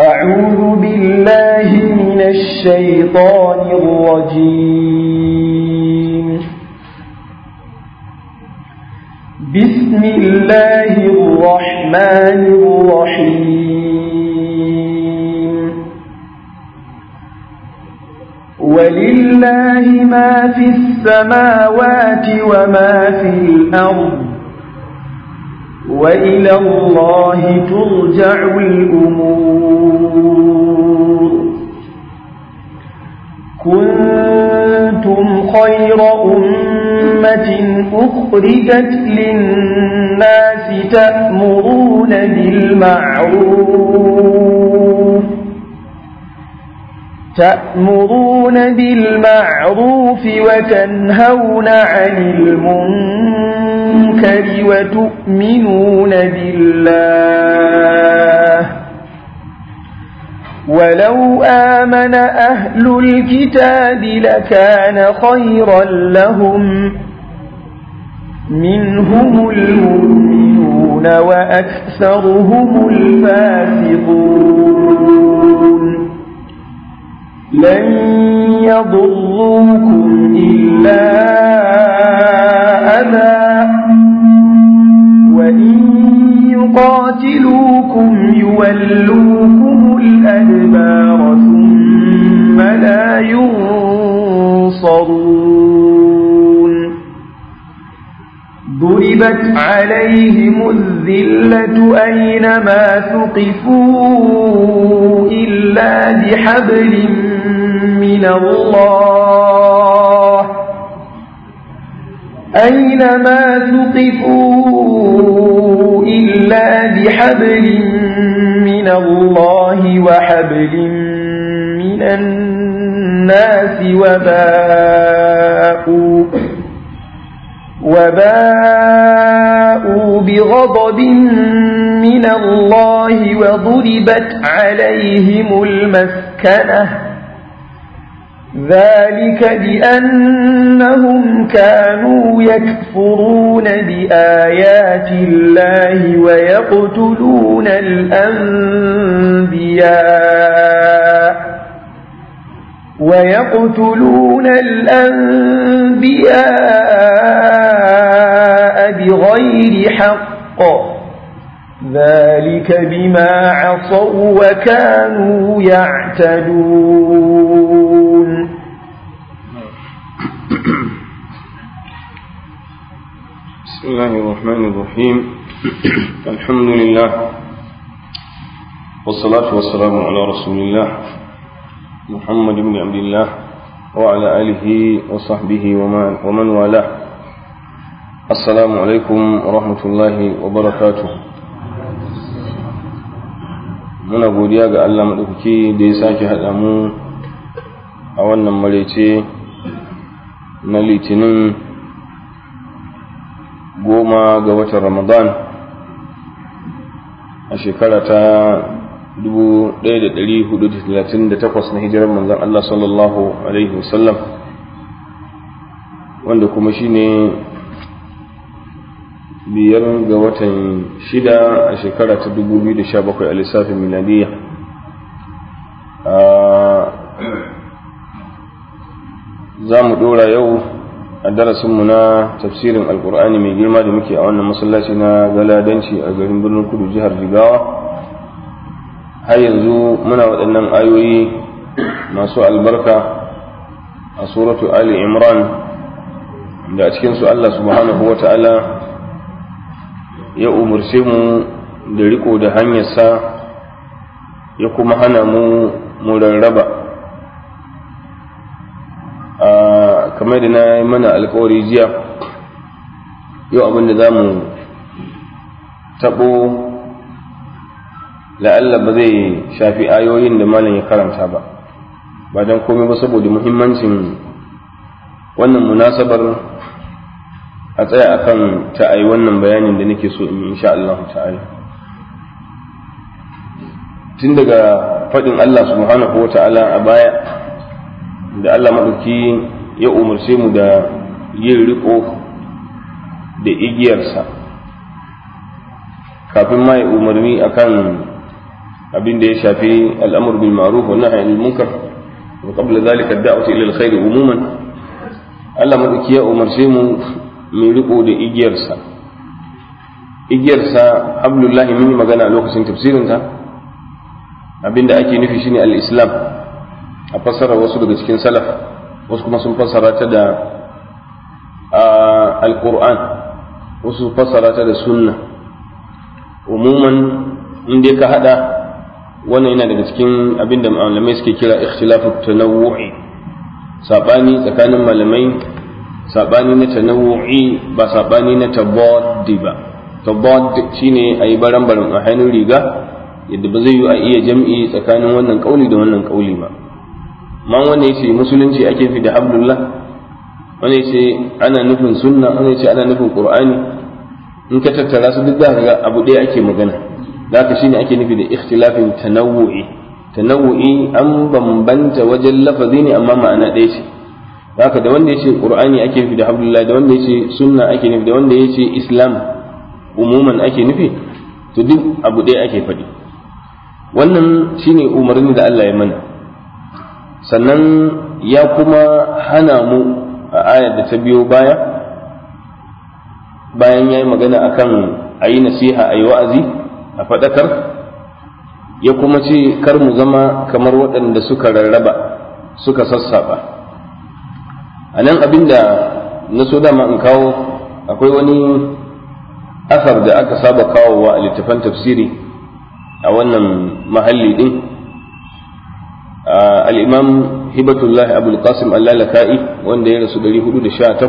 أعوذ بالله من الشيطان الرجيم بسم الله الرحمن الرحيم ولله ما في السماوات وما في الأرض وإلى الله ترجع الأمور كنتم خير أمة أخرجت للناس تأمرون بالمعروف تأمرون بالمعروف وتنهون عن المنكر المنكر وتؤمنون بالله ولو آمن أهل الكتاب لكان خيرا لهم منهم المؤمنون وأكثرهم الفاسقون لن يضروكم إلا أذى وإن يقاتلوكم يولوكم الأدبار ثم لا ينصرون ضربت عليهم الذلة أينما ثقفوا إلا بحبل من الله أينما تقفوا إلا بحبل من الله وحبل من الناس وباءوا وباءوا بغضب من الله وضربت عليهم المسكنه ذلك بأنهم كانوا يكفرون بآيات الله ويقتلون الأنبياء ويقتلون الأنبياء بغير حق ذلك بما عصوا وكانوا يعتدون بسم الله الرحمن الرحيم الحمد لله والصلاة والسلام على رسول الله محمد بن عبد الله وعلى آله وصحبه ومن والاه السلام عليكم ورحمة الله وبركاته من أبو دياغ ألا maɗaukaki da هالأمون sake مليتي na litinin goma ga watan ramadan a shekara ta 1438 na hijirar manzan Allah sallallahu Alaihi wasallam wanda kuma shi ne biyar ga watan shida a shekara ta 2017 a lissafin miladiya za mu dora yau a darasinmu na tafsirin alkur'ani mai girma da muke a wannan masallaci na galadanci a garin birnin kudu jihar jigawa har yanzu muna waɗannan ayoyi masu albarka a suratu ali imran da a cikinsu allah subhanahu wa ta'ala ya umarce mu da riko da hanyarsa ya kuma hana mu mu rarraba kamar da na yi mana alkawari jiya yau abin da za mu taɓo la'alla ba zai shafi ayoyin da malam ya karanta ba ba don komai ba saboda muhimmancin wannan munasabar a tsaya a kan ai wannan bayanin da nake so in insha Allah ta'ala tun daga faɗin Allah subhanahu wa ta'ala a baya da Allah maɗauki ya umarce mu da yin riko da igiyarsa kafin ma ya umarni akan abin da ya shafi al'amur bil ma'ruf wa nahy munkar wa qabla zalika ad-da'wati ila al-khair umuman Allah madauki ya umarce mu mu riko da igiyarsa igiyarsa Abdullahi mun magana a lokacin tafsirinsa abinda ake nufi shine al-islam a fassara wasu daga cikin salaf wasu kuma sun fassara ta da alkur'an wasu fassara ta da sunna umuman inda ka hada wannan yana daga cikin abinda da malamai suke kira ikhtilafu tanawu'i sabani tsakanin malamai sabani na tanawu'i ba sabani na tabaddi ba tabaddi shine ayi baran baran a hannun riga yadda ba zai yi a iya jam'i tsakanin wannan kauli da wannan kauli ba man wanda yace musulunci ake fi da abdullah wanda yace ana nufin sunna wanda yace ana nufin qur'ani in ka tattara su duk da ga abu ɗaya ake magana za ka shine ake nufi da ikhtilafin tanawu'i tanawu'i an bambanta wajen lafazi ne amma ma'ana ɗaya ce haka da wanda yace qur'ani ake nufi da abdullah da wanda yace sunna ake nufi da wanda yace islam umuman ake nufi to duk abu ɗaya ake faɗi wannan shine umarni da Allah ya mana sannan ya kuma hana mu a ayar da ta biyo baya bayan ya yi magana akan a yi nasiha a yi wa'azi a faɗakar ya kuma ce kar mu zama kamar waɗanda suka rarraba suka sassaɓa a nan abin da na so dama in kawo akwai wani asar da aka saba kawowa a littafan tafsiri a wannan mahalli ɗin al-imam hibatullahi abul qasim al-lalaka'i wanda ya rasu 418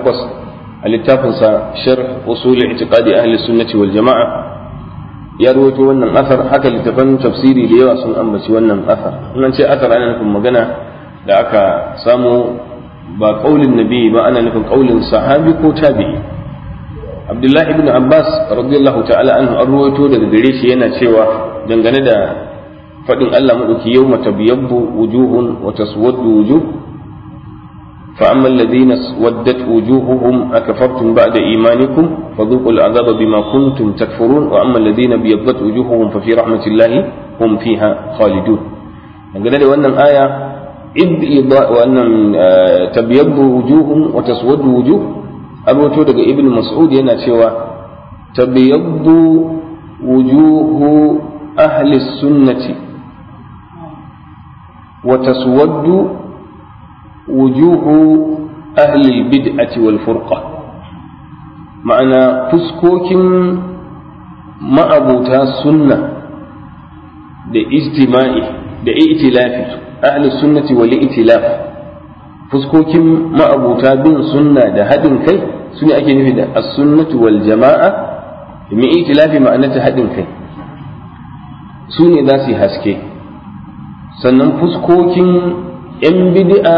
a littafinsa sharh usul i'tiqadi ahli sunnati wal jama'a ya rawaito wannan asar haka littafan tafsiri da yawa sun ambaci wannan asar nan ce asar ana nufin magana da aka samu ba kaulin nabi ba ana nufin kaulin sahabi ko tabi'i abdullahi ibn abbas radiyallahu ta'ala anhu an rawaito daga gare shi yana cewa dangane da فإن Allah maɗauki يوم تبيض وجوه وتسود وجوه فأما الذين سودت وجوههم أكفرتم بعد إيمانكم فذوقوا العذاب بما كنتم تكفرون وأما الذين بيضت وجوههم ففي رحمة الله هم فيها خالدون قال لي وأن الآية وأن آه، تبيض وجوههم وتسود وجوه أبو تودك ابن مسعود ينا سوى تبيض وجوه أهل السنة وتسود وجوه أهل البدعة والفرقة معنى فسكوك ما أبوتا السنة لإجتماع لإئتلاف أهل السنة والإئتلاف فسكوك ما أبوتا بن سنة دهد كي سنة أكيد في السنة والجماعة من إئتلاف معنى تهد كي سنة ذاتي هاسكي sannan fuskokin 'yan bidi'a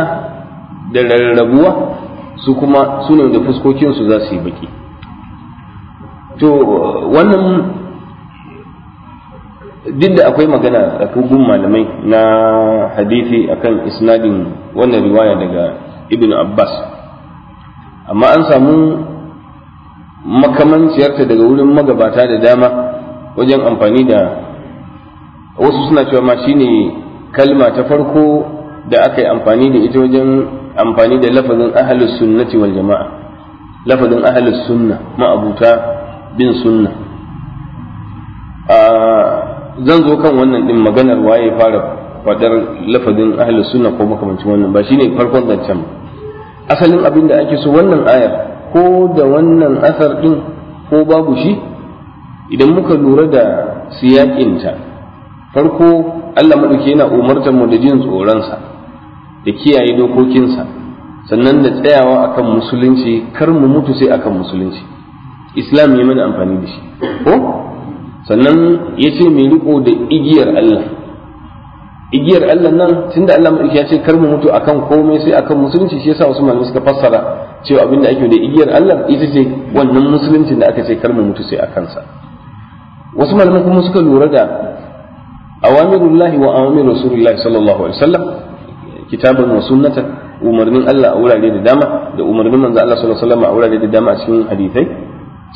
da rarrabuwa su kuma su ne da fuskokinsu za su yi baki to wannan duk da akwai magana a gun malamai na hadithi akan isnadin wannan riwaya daga ibn abbas amma an samu makamanciyarta daga wurin magabata da dama wajen amfani da wasu suna cewa ma shine kalma ta farko da aka yi amfani da ita wajen amfani da lafazin ahalus sunnati wal jama'a lafazin ahalus sunna ma'abuta bin sunna a zan zo kan wannan din maganar waye fara fadar lafazin ahalus sunna ko makamancin wannan ba shine farkon zancen can. asalin abin da ake so wannan ayar ko da wannan asar din ko babu shi idan muka lura da siyakinta farko Allah maɗauki yana umartar mu da jin tsoronsa da kiyaye dokokinsa sannan da tsayawa akan musulunci kar mu mutu sai akan musulunci islam ya mana amfani da shi ko sannan ya ce mai riko da igiyar Allah igiyar Allah nan tunda Allah maɗauki ya ce kar mu mutu akan komai sai akan musulunci shi yasa wasu malamai suka fassara cewa abinda ake da igiyar Allah ita ce wannan musulunci da aka ce kar mu mutu sai akan sa wasu malamai kuma suka lura da awamirullahi wa awamir rasulullahi sallallahu alaihi wasallam kitaban wa sunnatan umarnin Allah a wurare dama da umarnin manzo Allah sallallahu a wurare dama a cikin hadisai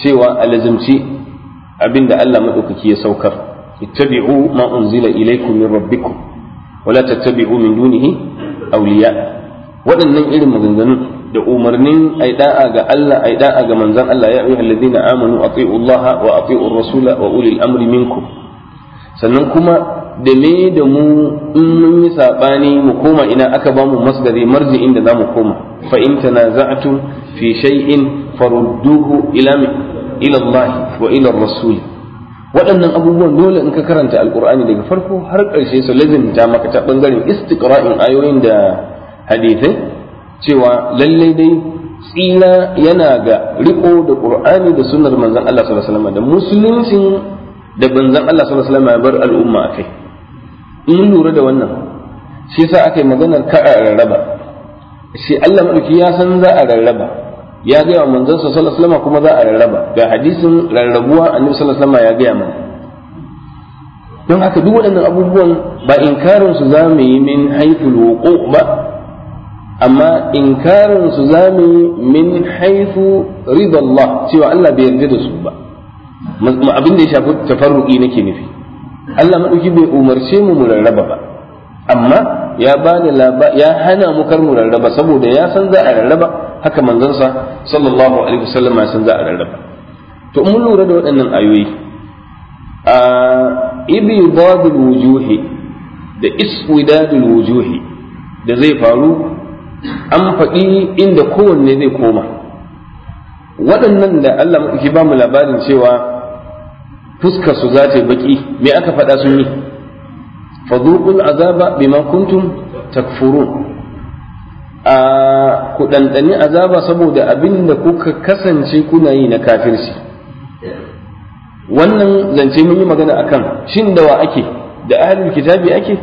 cewa alazimci abinda Allah madaukaki ya saukar ittabi'u ma unzila ilaykum min rabbikum wala tattabi'u min dunihi awliya waɗannan irin maganganun da umarnin ai da'a ga Allah da'a ga Allah ya ayyuhallazina amanu atii'u Allah wa atii'u rasula wa ulil amri minkum sannan kuma da me da mu in mun yi saɓani mu koma ina aka ba mu masgari marji inda za mu koma fa in tanaza'tu fi shay'in farudduhu ila ila Allah wa ila Rasul waɗannan abubuwan dole in ka karanta alqur'ani daga farko har ƙarshe su lazimta maka ta bangaren istiqra'in ayoyin da hadithai cewa lallai dai tsira yana ga riko da qur'ani da sunnar manzon Allah sallallahu alaihi wasallam da musuluncin da banzan Allah sallallahu alaihi wasallam ya bar al'umma akai in lura da wannan shi yasa aka yi maganar ka a rarraba shi Allah madauki ya san za a rarraba ya gaya wa manzon sallallahu alaihi wasallam kuma za a rarraba ga hadisin rarrabuwa annabi sallallahu alaihi wasallam ya gaya mana don haka duk waɗannan abubuwan ba inkarin su za mu yi min haithul wuqu ba amma inkarin su za mu yi min haithu ridallah cewa Allah bai yarda da su ba abin da ya shafi tafarruqi nake nufi Allah madauki bai umarce mu mu rarraba ba amma ya bani ya hana mu kar mu rarraba saboda ya san za a rarraba haka sa sallallahu alaihi wasallam ya san za a rarraba to mun lura da waɗannan ayoyi a ibidadul wujuhi da iswidadul wujuhi da zai faru an faɗi inda kowanne zai koma waɗannan da Allah maɗauki ba mu labarin cewa fuska su za ta yi baki me aka faɗa sun yi fadhuqul azaba bima kuntum takfurun a ku ɗanɗani azaba saboda abin da kuka kasance kuna yi na kafirci wannan zance mun yi magana akan shin dawa ake da ahlul kitabi ake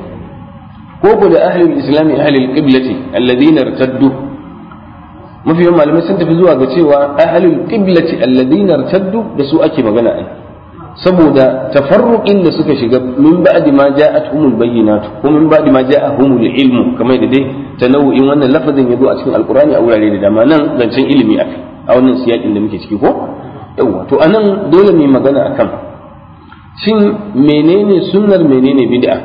ko ku da ahlul islami ahlul qiblati alladhina irtaddu mafi yawan malamai sun tafi zuwa ga cewa ahlul qiblati alladhina irtaddu da su ake magana ai saboda tafarruqin da suka shiga min ba'di ma bayyana bayyinatu ko min ba'di ma humul ilmu kamar da dai tanawu'in wannan lafazin yazo a cikin alqur'ani a wurare da dama nan zancen ilimi a a wannan siyakin da muke ciki ko yawa to anan dole ne magana akan shin menene sunnar menene bid'a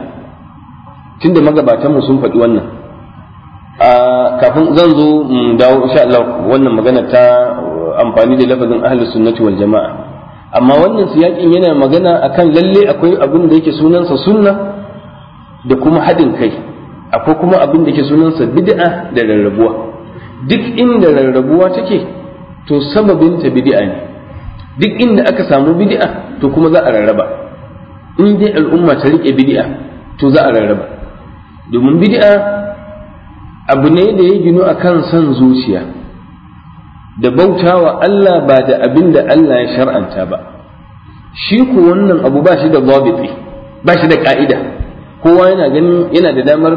tunda magabatan mu sun faɗi wannan kafin zan zo dawo insha Allah wannan magana ta amfani da lafazin ahli sunnati wal jama'a amma wannan siyakin yana magana akan lalle akwai abin da yake sunansa sunna da kuma haɗin kai akwai kuma abin da yake sunansa bid'a da rarrabuwa duk inda rarrabuwa take to sababin ta bid'a ne duk inda aka samu bid'a to kuma za a rarraba in dai al'umma ta rike bid'a to za a rarraba domin bid'a abu ne da ya ginu kan son zuciya da bautawa Allah ba da abin da Allah ya shar'anta ba shi ku wannan abu ba shi da zabiti ba shi da ka'ida kowa yana ganin yana da damar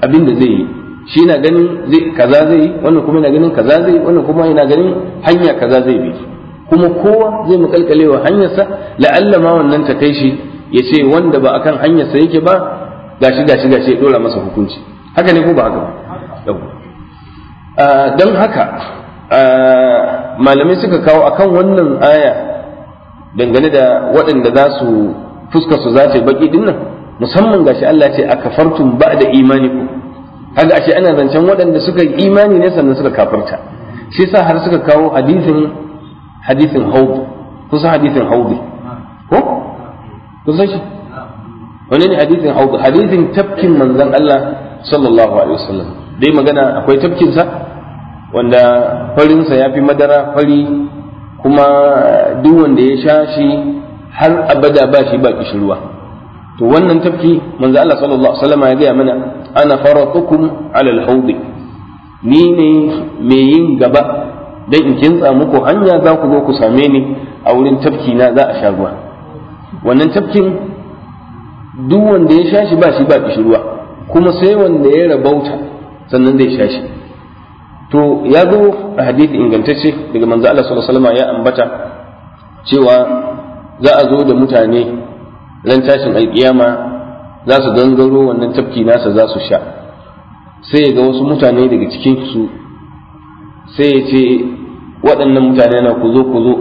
abin da zai yi shi na ganin kaza zai yi wannan kuma yana ganin kaza zai yi wannan kuma yana ganin hanya kaza zai bi kuma kowa zai makalkalewa hanyarsa la'alla ma wannan ta kai shi ya ce wanda ba akan hanyarsa yake ba gashi gashi gashi ya dora masa hukunci haka ne ko ba haka ba Ah, don haka ah, malamai suka kawo akan wannan aya dangane da waɗanda za su fuska su za ta baki dinnan musamman gashi Allah ce a kafartun ba da ku kaga ashe ana zancen waɗanda suka yi imani ne sannan suka kafarta shi sa har suka kawo hadisin hadisin haud kusan hadisin haudu ko kusa shi wani ne hadisin haudu hadisin tafkin manzon Allah sallallahu alaihi wasallam dai magana akwai tafkinsa wanda farinsa ya fi madara fari kuma duk wanda ya sha shi har abada ba shi ba kishirwa to wannan tafki manzo Allah sallallahu alaihi wasallam ya gaya mana ana faratukum ala alhawd ni ne me yin gaba dan in kintsa muku hanya za ku zo ku same ni a wurin tafki na za a sha ruwa wannan tafkin duk wanda ya sha shi ba shi ba kishirwa kuma sai wanda ya rabauta sannan zai sha shi to ya zo a hadisi ingantacce daga manzo Allah sallallahu alaihi wasallam ya ambata cewa za a zo da mutane ran tashin alkiyama za su gangaro wannan tafki nasa za su sha sai ga wasu mutane daga cikin su sai ya ce waɗannan mutane na ku zo ku zo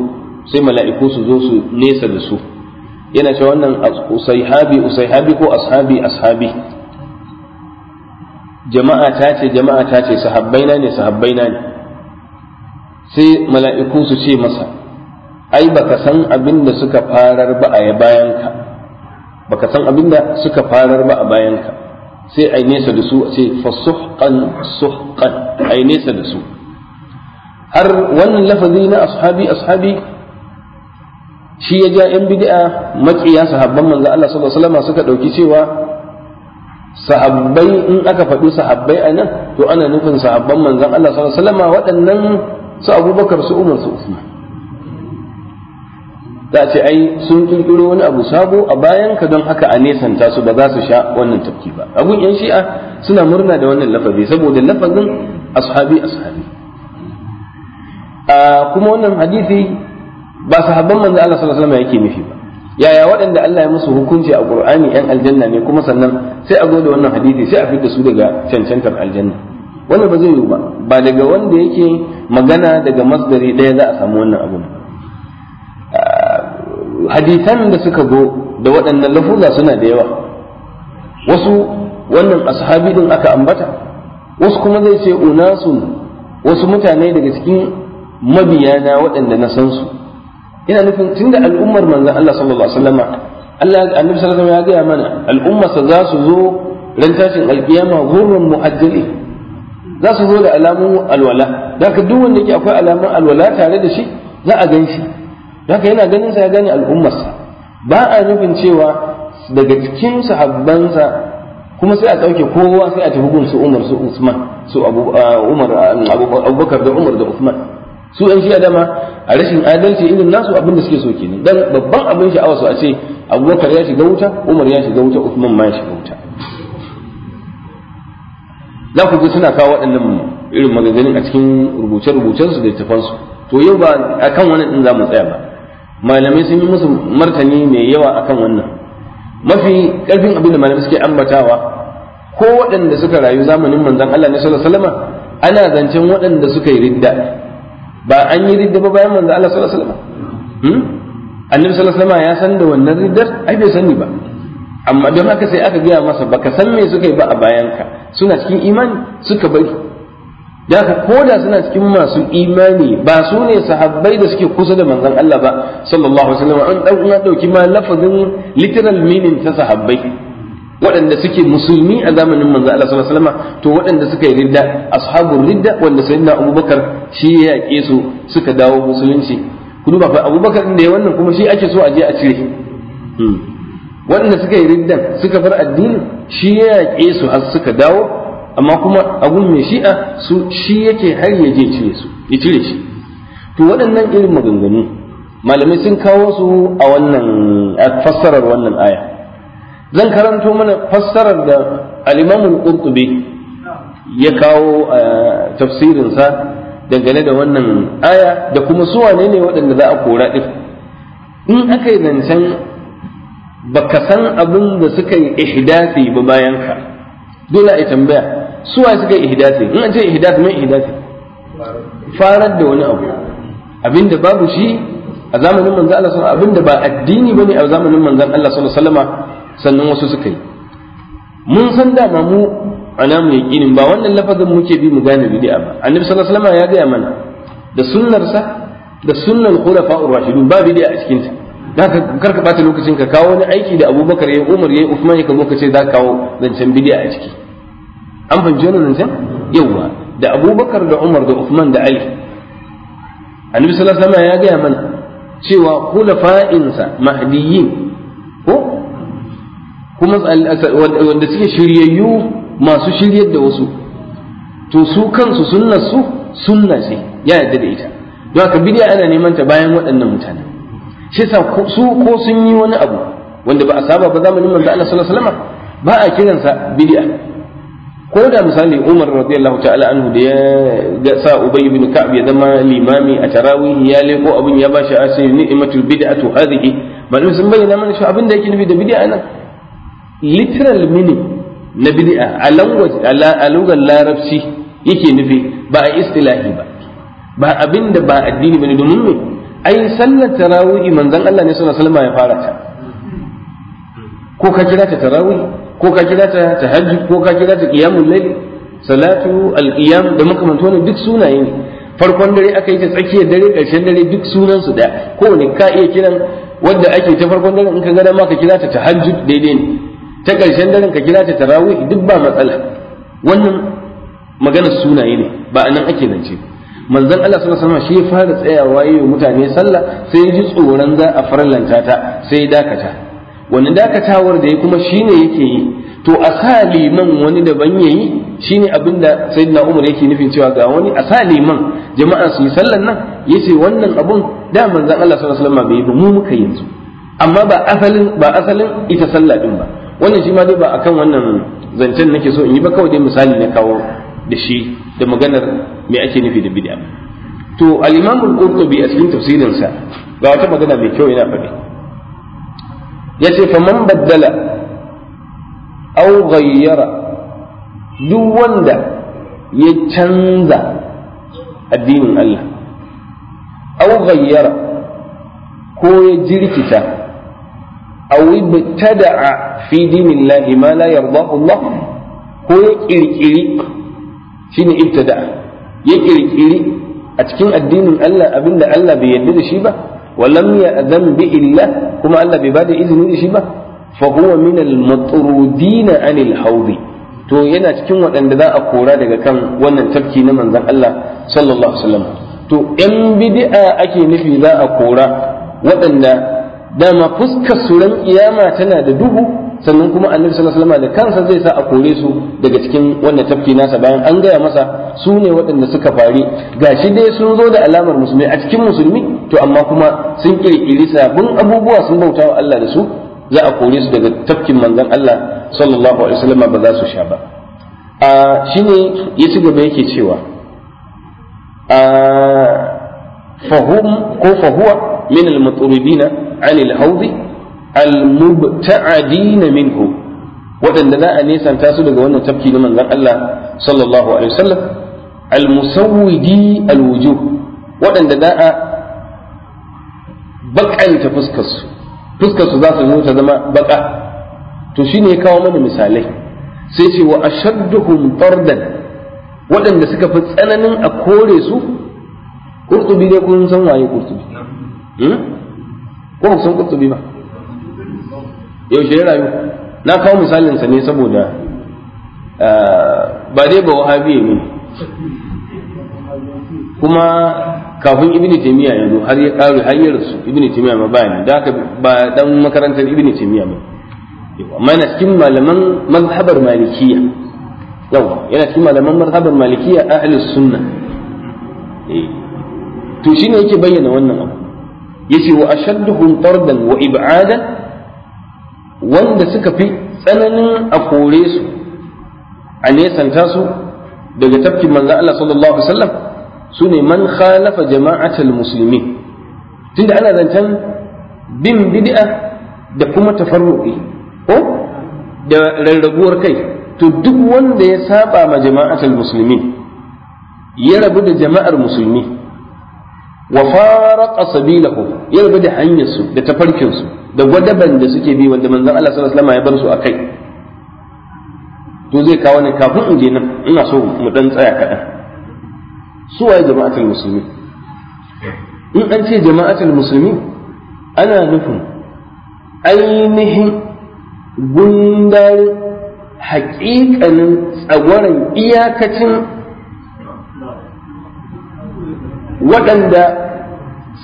sai mala'iku su zo su nesa da su yana cewa wannan usaihabi usaihabi ko ashabi ashabi jama'a ta ce jama'a ta ce na ne na ne sai mala'iku su ce masa ai baka san abin da suka farar ba a bayan ka baka san abin da suka farar ba a bayan ka sai ai nesa da su sai fa suhqan suhqan ai nesa da su har wannan lafazi na ashabi ashabi shi ya ja yan bid'a maƙiya sahabban manzo Allah sallallahu alaihi wasallam suka dauki cewa sahabbai in aka faɗi sahabbai a nan to ana nufin sahabban manzan Allah sallallahu alaihi wasallam waɗannan su abubakar su umar su usman Da ce ai sun kirkiro wani abu sabo a bayan ka don haka a nesanta su ba za su sha wannan tafki ba abun yan shi'a suna murna da wannan lafazi saboda lafazin ashabi ashabi ah, kuma wannan hadisi ba sahabban manzan Allah sallallahu alaihi wasallam yake nufi ba yaya waɗanda Allah ya musu hukunci a Qur'ani yan aljanna ne kuma sannan sai a zo da wannan hadisi sai a fi da su daga cancantar aljanna wannan ba zai yiwu ba ba daga wanda yake magana daga masdari ɗaya za a samu wannan abu ah, hadisan da suka go da waɗannan lafuza suna da yawa wasu wannan ashabi din aka ambata wasu kuma zai ce unasun wasu mutane daga cikin mabiyana waɗanda na san su Yana nufin da al'ummar manzon Allah sallallahu alaihi wasallama Allah annabi sallallahu alaihi ya gaya mana al'ummarsa za su zo ran tashin alkiyama gurrun mu'ajjali za su zo da alamun alwala daga duk wanda yake akwai alamun alwala tare da shi za a gan shi daga yana ganin sa ya gane al'ummarsa ba a nufin cewa daga cikin sahabbansa kuma sai a ɗauke kowa sai a tafi gun su Umar su Usman su Abu uh, Umar uh, Abubakar da Umar da Usman su ɗan shi dama a rashin adalci irin nasu abin da suke so kenan dan babban abin sha'awa su a ce abubakar ya shiga wuta umar ya shiga wuta usman ma ya shiga wuta za ku ga suna kawo waɗannan irin maganganun a cikin rubuce-rubucen su da su to yau ba akan wannan din za mu tsaya ba malamai sun yi musu martani mai yawa akan wannan mafi ƙarfin abin da malamai suke ambatawa ko waɗanda suka rayu zamanin manzon Allah ne sallallahu alaihi wasallam ana zancen waɗanda suka yi ridda ba an yi ridda ba bayan manzo Allah sallallahu alaihi wasallam hmm? annabi sallallahu alaihi wasallam ya san da wannan riddar ai bai sani ba amma don haka sai aka gaya masa baka san me suka yi ba a bayanka suna cikin imani suka bari daga koda suna cikin masu imani ba su ne sahabbai da suke kusa da manzon Allah ba sallallahu alaihi wasallam an dauki ma lafazin literal meaning ta sahabbai waɗanda suke musulmi a zamanin manzo Allah sallallahu alaihi wasallam to waɗanda suka yi ridda ashabul ridda wanda sayyidina Abubakar shi ya yaƙe su suka dawo musulunci ku duba fa Abubakar din da ya wannan kuma shi ake so a je a cire hmm. waɗanda suka yi riddan suka bar addini shi ya yaƙe su har suka dawo amma kuma abun mai shi'a su shi yake har ya je cire su ya cire shi to waɗannan irin maganganu malamai sun kawo su a wannan fassarar wannan aya zan karanto mana fassarar da alimamul qurtubi ya kawo eh, tafsirinsa dangane da wannan aya da kuma su wane ne waɗanda za a kora ɗin in aka yi zancen baka san abin da suka yi ihdasi ba bayan ka dole a tambaya su wa suka yi ihdasi in an ce ihdasi mai ihdasi farar da wani abu abinda babu shi a zamanin manzon Allah sallallahu abinda ba addini bane a zamanin manzon Allah sallallahu alaihi wasallam sannan wasu suka yi mun san da mu ana mu yaqinin ba wannan lafazin muke bi mu gane bidi'a ba annabi sallallahu alaihi wasallam ya gaya mana da sunnarsa da sunnan khulafa'ur rashidun ba bidi'a a cikin ta zaka karka bata lokacin ka kawo wani aiki da Abubakar ya Umar ya usman ya zo ka ce za ka kawo zancen bidi'a a ciki an fahimci wannan zancen yawa da Abubakar da Umar da usman da Ali annabi sallallahu alaihi wasallam ya gaya mana cewa khulafa'insa mahdiyyin ko kuma wanda suke shiryayyu masu shiryar da wasu to su kansu sunnar su sunna ce ya yarda da ita don haka bidiya ana neman ta bayan waɗannan mutane shi sa su ko sun yi wani abu wanda ba a saba ba zamanin manzo Allah sallallahu alaihi wasallam ba a kiransa bidiya ko da misali Umar radiyallahu ta'ala anhu da ya sa Ubay ibn Ka'b ya zama limami a tarawih ya leko abin ya bashi asiri ni'matul bid'atu hadhihi malamin sun bayyana mana shi abin da yake nufi da bid'a nan literal meaning na bid'a a language a lugar larabci yake nufi ba a istilahi ba ba abin ba addini bane domin me ai sallar tarawih manzon Allah ne sallallahu alaihi ya fara ta ko ka kira ta tarawih ko ka kira ta tahajjud ko ka kira ta qiyamul layl salatu alqiyam da makamanta wannan duk sunaye ne farkon dare aka yi ta tsakiyar dare ƙarshen dare duk sunan su daya kowane ka iya kiran wanda ake ta farkon dare in ka ga dama ka kira ta tahajjud daidai ne ta ƙarshen daren ka kira ta tarawih duk ba matsala wannan maganar sunaye ne ba nan ake rance manzon Allah sallallahu alaihi wasallam shi ya fara tsayawa yayin mutane sallah sai ya ji tsoron za a fara lantata sai ya dakata wannan dakatawar da ya kuma shine yake yi to a sa liman wani daban yayi shine abin da sayyidina Umar yake nufin cewa ga wani a sa liman jama'a su yi sallan nan ce wannan abun da manzon Allah sallallahu alaihi wasallam bai yi ba mu muka yanzu amma ba asalin ba asalin ita sallah din ba wannan shi ma dai ba akan wannan zancen nake so in yi ba kawai dai misali na kawo da shi da maganar me ake nufi da bid'a to al-imam al-qurtubi a cikin tafsirin sa ga wata magana mai kyau yana faɗi yace fa man baddala aw ghayyara duk wanda ya canza addinin Allah aw ghayyara ko ya jirkita aw ibtada'a fi dinillahi ma la yardahu Allah ko ya kirkiri shine ibtada'a ya kirkiri a cikin addinin Allah abinda Allah bai yarda da shi ba wa lam ya'zan bi illa kuma Allah bai bada izini da shi ba fa huwa min al-matrudin anil hawdi to yana cikin waɗanda za a kora daga kan wannan tafki na manzon Allah sallallahu to yan bid'a ake nufi za a kora waɗanda dama fuskar suran kiyama tana da duhu sannan kuma annabi sallallahu alaihi da kansa zai sa a kore su daga cikin wannan tafki nasa bayan an gaya masa su ne waɗanda suka fari gashi dai sun zo da alamar musulmi a cikin musulmi to amma kuma sun kirkiri sabbin abubuwa sun bauta wa Allah da su za a kore su daga tafkin manzon Allah sallallahu alaihi wasallam ba za su sha ba a shine ya ci gaba yake cewa a fahum ko fahuwa Minal al-muturibina anil hawdi al-mubta'adina minhu waɗanda za a nesanta su daga wannan tafki na manzon Allah sallallahu alaihi wasallam al-musawwidi al waɗanda za a baƙanta fuskarsu fuskarsu za su zo ta zama baƙa to shine ya kawo mana misalai sai ce wa ashadduhum tardan waɗanda suka fi tsananin a kore su kurtubi dai kun san waye kurtubi Hmm? ko ba san ba yaushe ya rayu na kawo misalin ne saboda eh, ba dai ba wahabi ne kuma kafin ibnu taymiya yanzu har ya karu har su rasu ibnu taymiya ma bayan da aka ba dan makarantar ibnu taymiya ba amma yana cikin malaman mazhabar malikiya yawa yana cikin malaman mazhabar malikiya ahlus sunna eh. to shine yake bayyana wannan abu yace wa ashadduhum tardan wa ib'adan wanda suka fi tsananin a kore su a nesanta su daga tafkin manzo Allah sallallahu alaihi wasallam sune man khalafa jama'atul muslimin tunda ana zancen bin bid'a da kuma tafarruqi ko da rarrabuwar kai to duk wanda ya saba ma jama'atul muslimin ya rabu da jama'ar musulmi wa faraqa sabilahum ya rabu da hanyar su da tafarkin su da gwadaban da suke bi wanda manzon Allah sallallahu alaihi wasallam ya bar su akai to zai kawo ne kafin in je nan ina so mu dan tsaya kaɗan su waye jama'atul musulmi in an ce jama'atul musulmi ana nufin ainihin gundar haƙiƙanin tsagwaron iyakacin waɗanda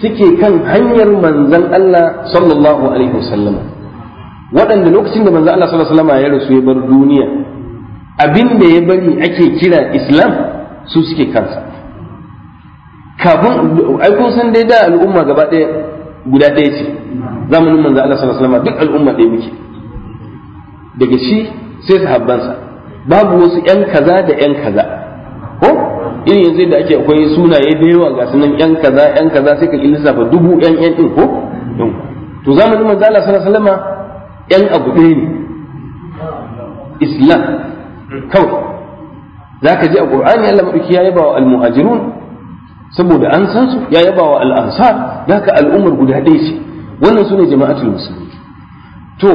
suke kan hanyar manzan Allah sallallahu alaihi wasallam waɗanda lokacin da manzon Allah sallallahu alaihi wasallam ya rasu ya bar duniya abin da ya bari ake kira Islam su suke kansa kafin ai kun san dai da al'umma gaba ɗaya guda ɗaya ce zamanin manzon Allah sallallahu alaihi wasallam duk al'umma ɗaya muke daga shi sai sahabbansa babu wasu ‘yan kaza da ‘yan kaza irin yanzu da ake akwai sunaye da yawa ga sunan yan kaza yan kaza sai ka lissafa dubu yan yan din ko to zamanin manzo Allah sallallahu alaihi wasallam yan abu ɗaya ne islam kawai zaka ji a qur'ani Allah madauki ya yaba wa almuhajirun saboda an san su ya yaba wa al-ansar zaka al'ummar guda ɗaya ce wannan sune jama'atul muslimin to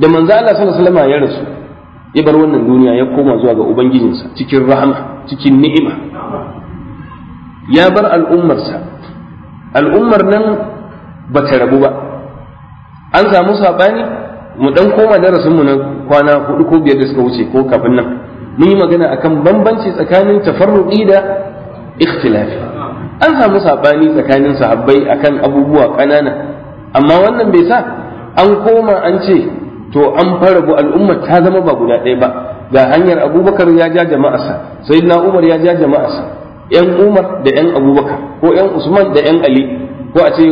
da manzo Allah sallallahu alaihi wasallam ya rasu ya bar wannan duniya ya koma zuwa ga ubangijinsa cikin rahama cikin ni'ima ya bar al'ummarsa al'ummar nan ba ta rabu ba an samu saɓani mu ɗan koma darasinmu na kwana hudu ko biyar da suka wuce ko kafin nan mun yi magana akan bambanci tsakanin tafarruɗi da ikhtilafi an samu saɓani tsakanin sahabbai akan abubuwa ƙanana amma wannan bai sa an koma an ce to an farabu bu al'ummar ta zama ba guda ɗaya ba ga hanyar abubakar ya ja jama'arsa sayyidina umar ya ja jama'arsa yan umar da yan abubakar ko yan usman da yan ali ko a ce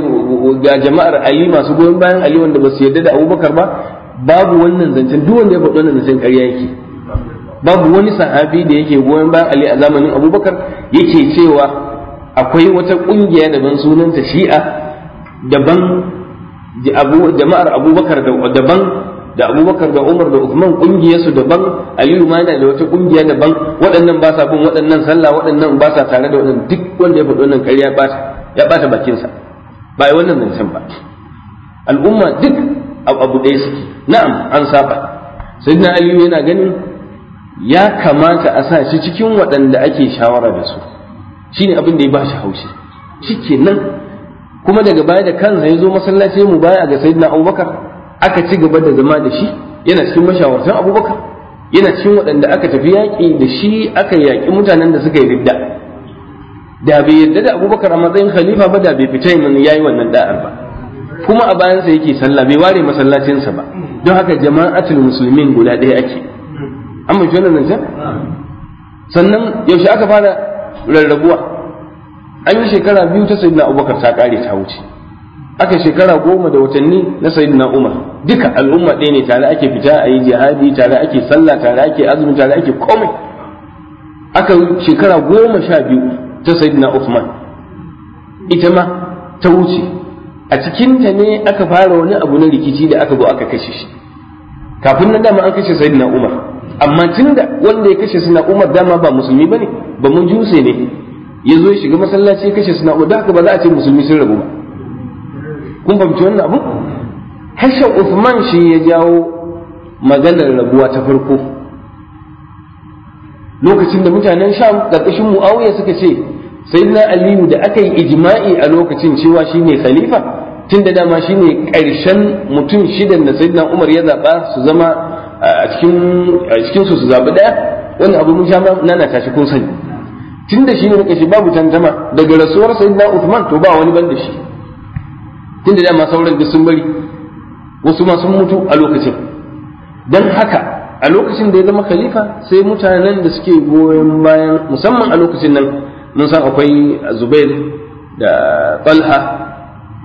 ga jama'ar ali masu goyon bayan ali wanda ba su yarda da abubakar ba babu wannan zancen duk wanda ya faɗi wannan zancen ƙarya yake babu wani sahabi da yake goyon bayan ali a zamanin abubakar yake cewa akwai wata ƙungiya daban sunanta shi'a daban jama'ar abubakar daban da abubakar da umar da usman kungiyarsu daban aliyu ma yana da wata kungiya daban waɗannan ba sa bin waɗannan sallah waɗannan ba sa tare da waɗannan duk wanda ya faɗi wannan ƙarya ya ɓata bakinsa ba ya wannan zancen ba al'umma duk abu ɗaya suke na'am an saba sayyidina aliyu yana ganin ya kamata a sa shi cikin waɗanda ake shawara da su shine abin da ya ba shi haushi shikenan kuma daga baya da kansa ya zo masallaci mu baya ga sayyidina abubakar aka ci gaba da zama da shi yana cikin mashawartan abubakar yana cikin waɗanda aka tafi yaƙi da shi aka yaƙi mutanen da suka yi ridda da bai yarda da abubakar a matsayin khalifa ba da bai fita yin yi wannan da'ar ba kuma a bayansa yake sallah bai ware masallacinsa ba don haka jama'atul musulmin guda ɗaya ake an mace wannan nan can sannan yaushe aka fara rarrabuwa an yi shekara biyu ta sayyidina abubakar ta ƙare ta wuce aka shekara goma da watanni na sayyidina umar duka al'umma ɗaya ne tare ake fita a yi jihadi tare ake sallah tare ake azumi tare ake komai aka shekara goma sha biyu ta sayyidina usman ita ma ta wuce a cikinta ne aka fara wani abu na rikici da aka zo aka kashe shi kafin na dama an kashe sayyidina umar amma da wanda ya kashe suna umar dama ba musulmi ba ne, ba mun juse ne ya zo shiga masallaci ya kashe suna umar da haka ba za a ce musulmi sun rabu ba kun fahimci wannan abu Harshen usman shi ya jawo maganar rabuwa ta farko lokacin da mutanen sham ƙarƙashin mu'awiya suka ce sai na aliyu da aka yi ijma'i a lokacin cewa shi ne khalifa tun da dama shi ne ƙarshen mutum shidan da sayyidina umar ya zaɓa su zama a cikin su su zaɓi ɗaya wani abu mun sha nana tashi kun sani tun da shi ne muka babu tantama daga rasuwar sayyidina Uthman to ba wani ban da shi tunda dama sauran da sun bari wasu ma sun mutu a lokacin don haka a lokacin da ya zama khalifa sai mutanen da suke goyon bayan musamman a lokacin nan mun san akwai zubair da talha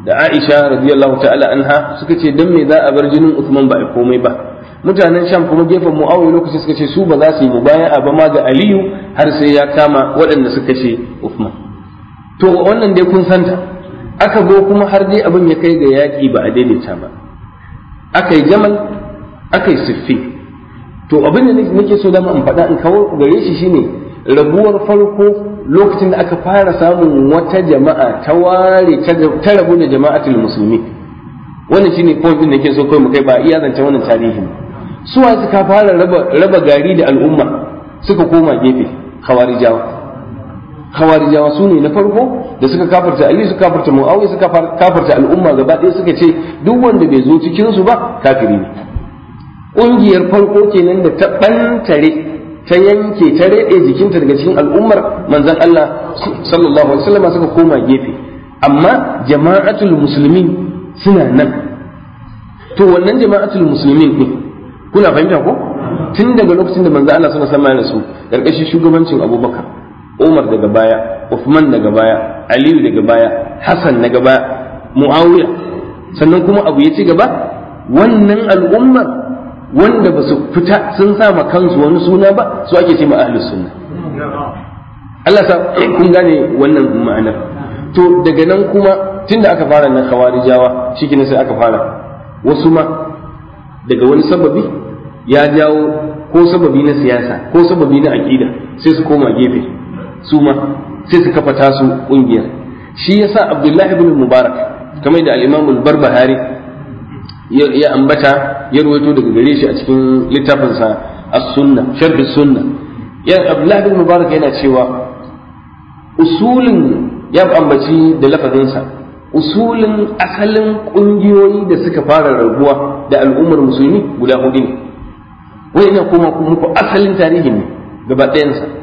da aisha radiyallahu ta'ala anha suka ce dan me za a bar jinin usman ba a komai ba mutanen sham kuma gefen muawiya lokacin suka ce su ba za su yi bayan ba ma ga aliyu har sai ya kama waɗanda suka ce usman to wannan dai kun santa aka zo kuma har dai abin ya kai ga yaƙi ba a daidaita ba aka yi jamal aka yi siffi to abin da nake so dama in faɗa in kawo gare shi shine rabuwar farko lokacin da aka fara samun wata jama'a ta ware ta rabu da jama'atul musulmi wannan shine point din da nake so kai mu kai ba iya zance wannan tarihin suwa suka fara raba raba gari da al'umma suka koma gefe khawarijawa khawarijawa su ne na farko da suka kafarta ali suka kafarta muawiya suka kafarta al'umma gaba ɗaya suka ce duk wanda bai zo cikin su ba kafiri ne ƙungiyar farko kenan da ta ɓantare ta yanke ta rede jikinta daga cikin al'ummar manzon Allah sallallahu alaihi wasallam suka koma gefe amma jama'atul muslimin suna nan to wannan jama'atul muslimin din kuna fahimta ko tun daga lokacin da manzon Allah sallallahu alaihi wasallam ya rasu karkashin shugabancin Abubakar Umar daga baya Uthman daga baya Aliyu daga baya Hassan daga baya Muawiya sannan kuma abu ya ci gaba wannan al'ummar wanda ba su fita sun sa kansu wani suna ba su ake ce ma sunna Allah sa kun gane wannan ma'anar to daga nan kuma tunda aka fara nan khawarijawa shikin sai aka fara wasu ma daga wani sababi ya jawo ko sababi na siyasa ko sababi na aƙida sai su koma gefe su ma sai su kafa tasu ƙungiyar shi yasa abdullahi ibn mubarak kamar da al-imam al-barbahari ya ambata ya ruwaito daga gare shi a cikin littafinsa as-sunna sharh sunna ya abdullahi ibn mubarak yana cewa usulin ya ambaci da lafazin sa usulin asalin ƙungiyoyi da suka fara rabuwa da al'ummar musulmi guda hudu ne Wai ina kuma muku asalin tarihi ne gaba sa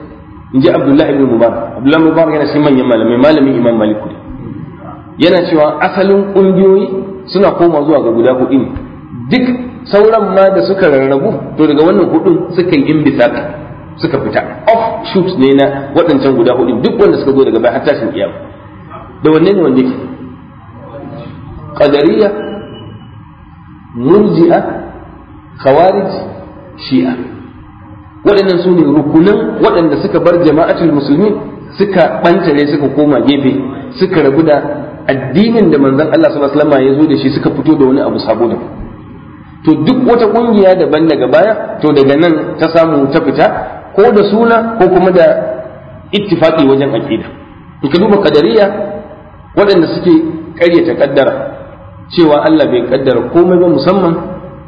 inji ji abdullahi ibn mubarak abdullahi mubarak yana shi manyan malamai malamin imam malik ne yana cewa asalin kungiyoyi suna koma zuwa ga guda hudu ne duk sauran ma da suka rarrabu to daga wannan hudun suka yi imbisaka suka fita off shoots ne na waɗancan guda hudu duk wanda suka zo daga bayan tashin kiyama da wanne ne wanne ke murji'a khawarij shi'a waɗannan su ne rukunan waɗanda suka bar jama'atul musulmi suka ɓantare suka koma gefe suka rabu da addinin da manzon Allah sallallahu alaihi wasallam ya zo da shi suka fito da wani abu sabo da to duk wata kungiya daban daga baya to daga nan ta samu ta fita ko da suna ko kuma da ittifaqi wajen aqida ka duba kadariya waɗanda suke ƙaryata kaddara cewa Allah bai kaddara komai ba musamman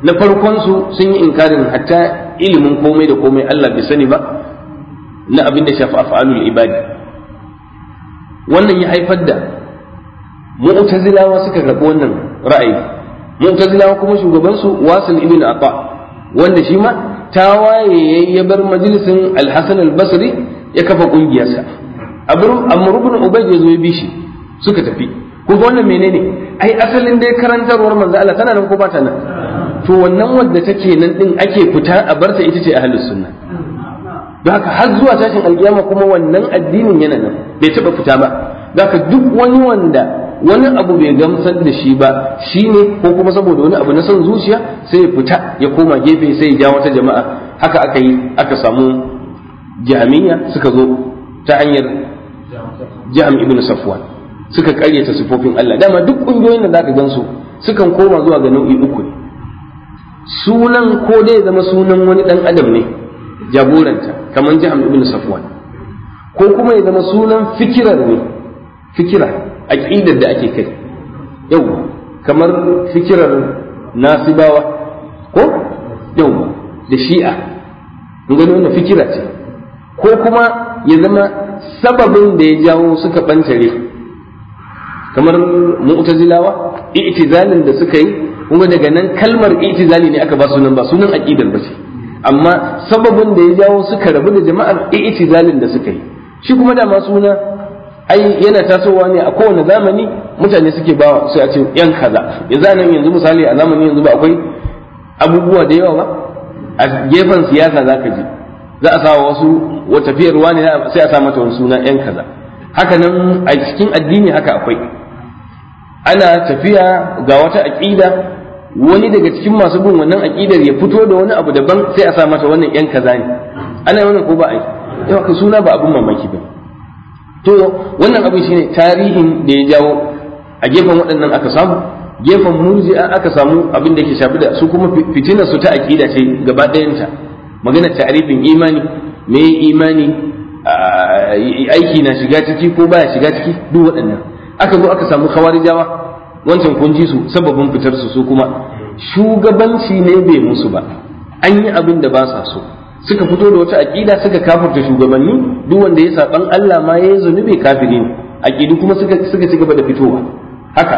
na farkon su sun yi inkarin hatta ilimin komai da komai Allah bai sani ba na abin da shafi af'alul ibadi wannan ya haifar da mu'tazilawa suka rabu wannan ra'ayi mu'tazilawa kuma shugaban su wasil ibn aqa wanda shi ma ta waye ya bar majalisin al-hasan al-basri ya kafa kungiyarsa amru ibn ubay ya zo ya bi shi suka tafi ko wannan menene ai asalin dai karantarwar manzo Allah tana nan ko ba ta nan to wannan wanda take nan din ake fita a barta ita ce ahlus sunna don haka har zuwa tashin alkiyama kuma wannan addinin yana nan bai taba fita ba don haka duk wani wanda wani abu bai gamsar da shi ba shine ko kuma saboda wani abu na son zuciya sai ya fita ya koma gefe sai ya ja wata jama'a haka aka yi aka samu jami'a suka zo ta hanyar jam ibn safwan suka karyata sifofin Allah dama duk kungiyoyin da zaka gansu sukan koma zuwa ga nau'i uku ne sunan ko dai zama sunan wani dan adam ne jagoranta kamar jiham ibn safwan ko kuma ya zama sunan fikirar ne fikira aqidar da ake kai yau kamar fikirar nasibawa ko yau da shi'a mun gani wannan fikira ce ko kuma ya zama sababin da ya jawo suka bantare kamar mu'tazilawa i'tizalin da suka yi kuma daga nan kalmar itizali ne aka ba sunan ba sunan aqidar ba ce amma sababin da ya jawo suka rabu da jama'ar itizalin da suka yi shi kuma dama suna ai yana tasowa ne a kowane zamani mutane suke ba su a ce yan kaza yanzu nan yanzu misali a zamani yanzu ba akwai abubuwa da yawa ba a gefen siyasa za ka ji za a sawa wasu wata tafiyarwa ne sai a sa mata wani suna yan kaza haka nan a cikin addini haka akwai ana tafiya ga wata aƙida wani daga cikin masu bin wannan aƙidar ya fito da wani abu daban sai a sa masa wannan yan kaza ne ana wannan ko ba a yi yawa suna ba abin mamaki ba to wannan abin shine tarihin da ya jawo a gefen waɗannan aka samu gefen murji'a aka samu abin da ke shafi da su kuma fitinar su ta aƙida ce gaba ɗayanta magana tarihin imani me imani aiki na shiga ciki ko baya shiga ciki duk waɗannan aka zo aka samu khawarijawa wancan kun ji su sababin fitar su su kuma shugabanci ne bai musu ba an yi abin da ba sa so suka fito da wata aƙida suka kafirta shugabanni duk wanda ya saban Allah ma ya zunubi kafiri ne aƙidu kuma suka suka ci gaba da fitowa haka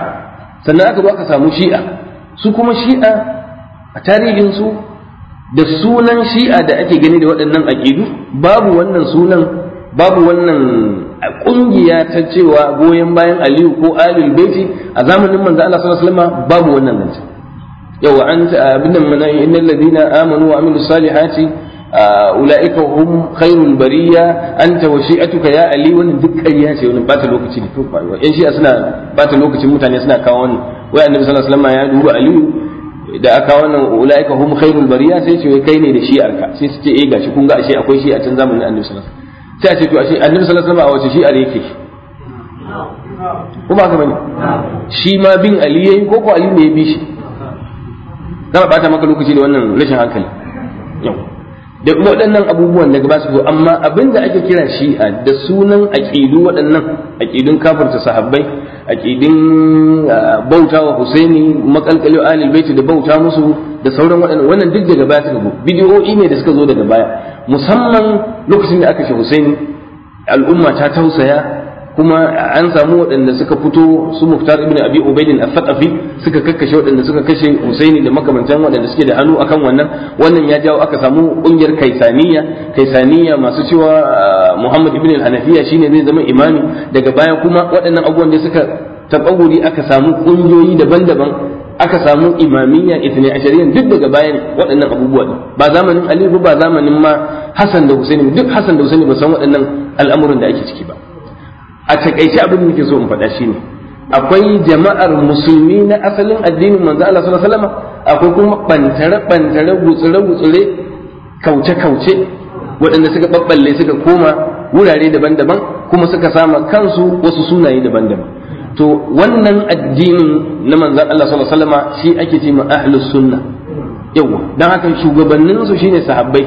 sannan aka baka samu shi'a su kuma shi'a a tarihin su da sunan shi'a da ake gani da waɗannan aƙidu babu wannan sunan babu wannan kungiya ta cewa goyon bayan aliyu ko alil baiti a zamanin manzo Allah sallallahu alaihi wasallam babu wannan zance yau an ta abinda mana innal ladina amanu wa amilus salihati ulaika hum khairul bariya anta wa shi'atuka ya ali wannan duk ƙarya ce wannan bata lokaci ne to faruwa yan shi'a suna bata lokacin mutane suna kawo wannan wai annabi sallallahu alaihi wasallam ya duba aliyu da aka wannan ulaika hum khairul bariya sai ce kai ne da shi'arka sai su ce eh gashi kun ga ashe akwai shi'a tun zamanin annabi sallallahu alaihi wasallam sai a ce to ashe annabi sallallahu alaihi wasallam a wace shi ali yake kuma haka bane shi ma bin ali yayi ko ko ali ne ya bi shi zan bata maka lokaci da wannan rashin hankali da waɗannan abubuwan daga ba su zo amma abin da ake kira a da sunan aƙidu waɗannan aƙidun kafirta sahabbai aƙidun bauta wa husaini makalkalo alil baiti da bauta musu da sauran waɗannan wannan duk daga baya suka zo bidiyo ne da suka zo daga baya musamman lokacin da aka shi Hussein al'umma ta tausaya kuma an samu waɗanda suka fito su Muftar ibn Abi Ubaidin al fatafi suka kakkashe waɗanda suka kashe Husaini da makamantan waɗanda suke da hannu akan wannan wannan ya jawo aka samu ƙungiyar Kaisaniya Kaisaniya masu cewa ah, Muhammad ibn al-Hanafiya shine zai zama imami daga baya kuma waɗannan abubuwan da suka tabaguri aka samu ƙungiyoyi daban-daban aka samu imamiyya a shari'a duk daga bayan waɗannan abubuwa ba zamanin Ali ba zamanin ma Hassan da Husaini duk Hassan da Husaini ba san waɗannan al'amuran da ake ciki ba a takaice abin da nake so in faɗa shine akwai jama'ar musulmi na asalin addinin manzo Allah sallallahu alaihi wasallam akwai kuma bantare bantare gutsire gutsure kauce kauce waɗanda suka babballe suka koma wurare daban-daban kuma suka sama kansu wasu sunaye daban-daban to wannan addinin na manzan Allah sallallahu alaihi wasallam shi ake ce ma ahlus sunna yawa dan haka shugabannin su shine sahabbai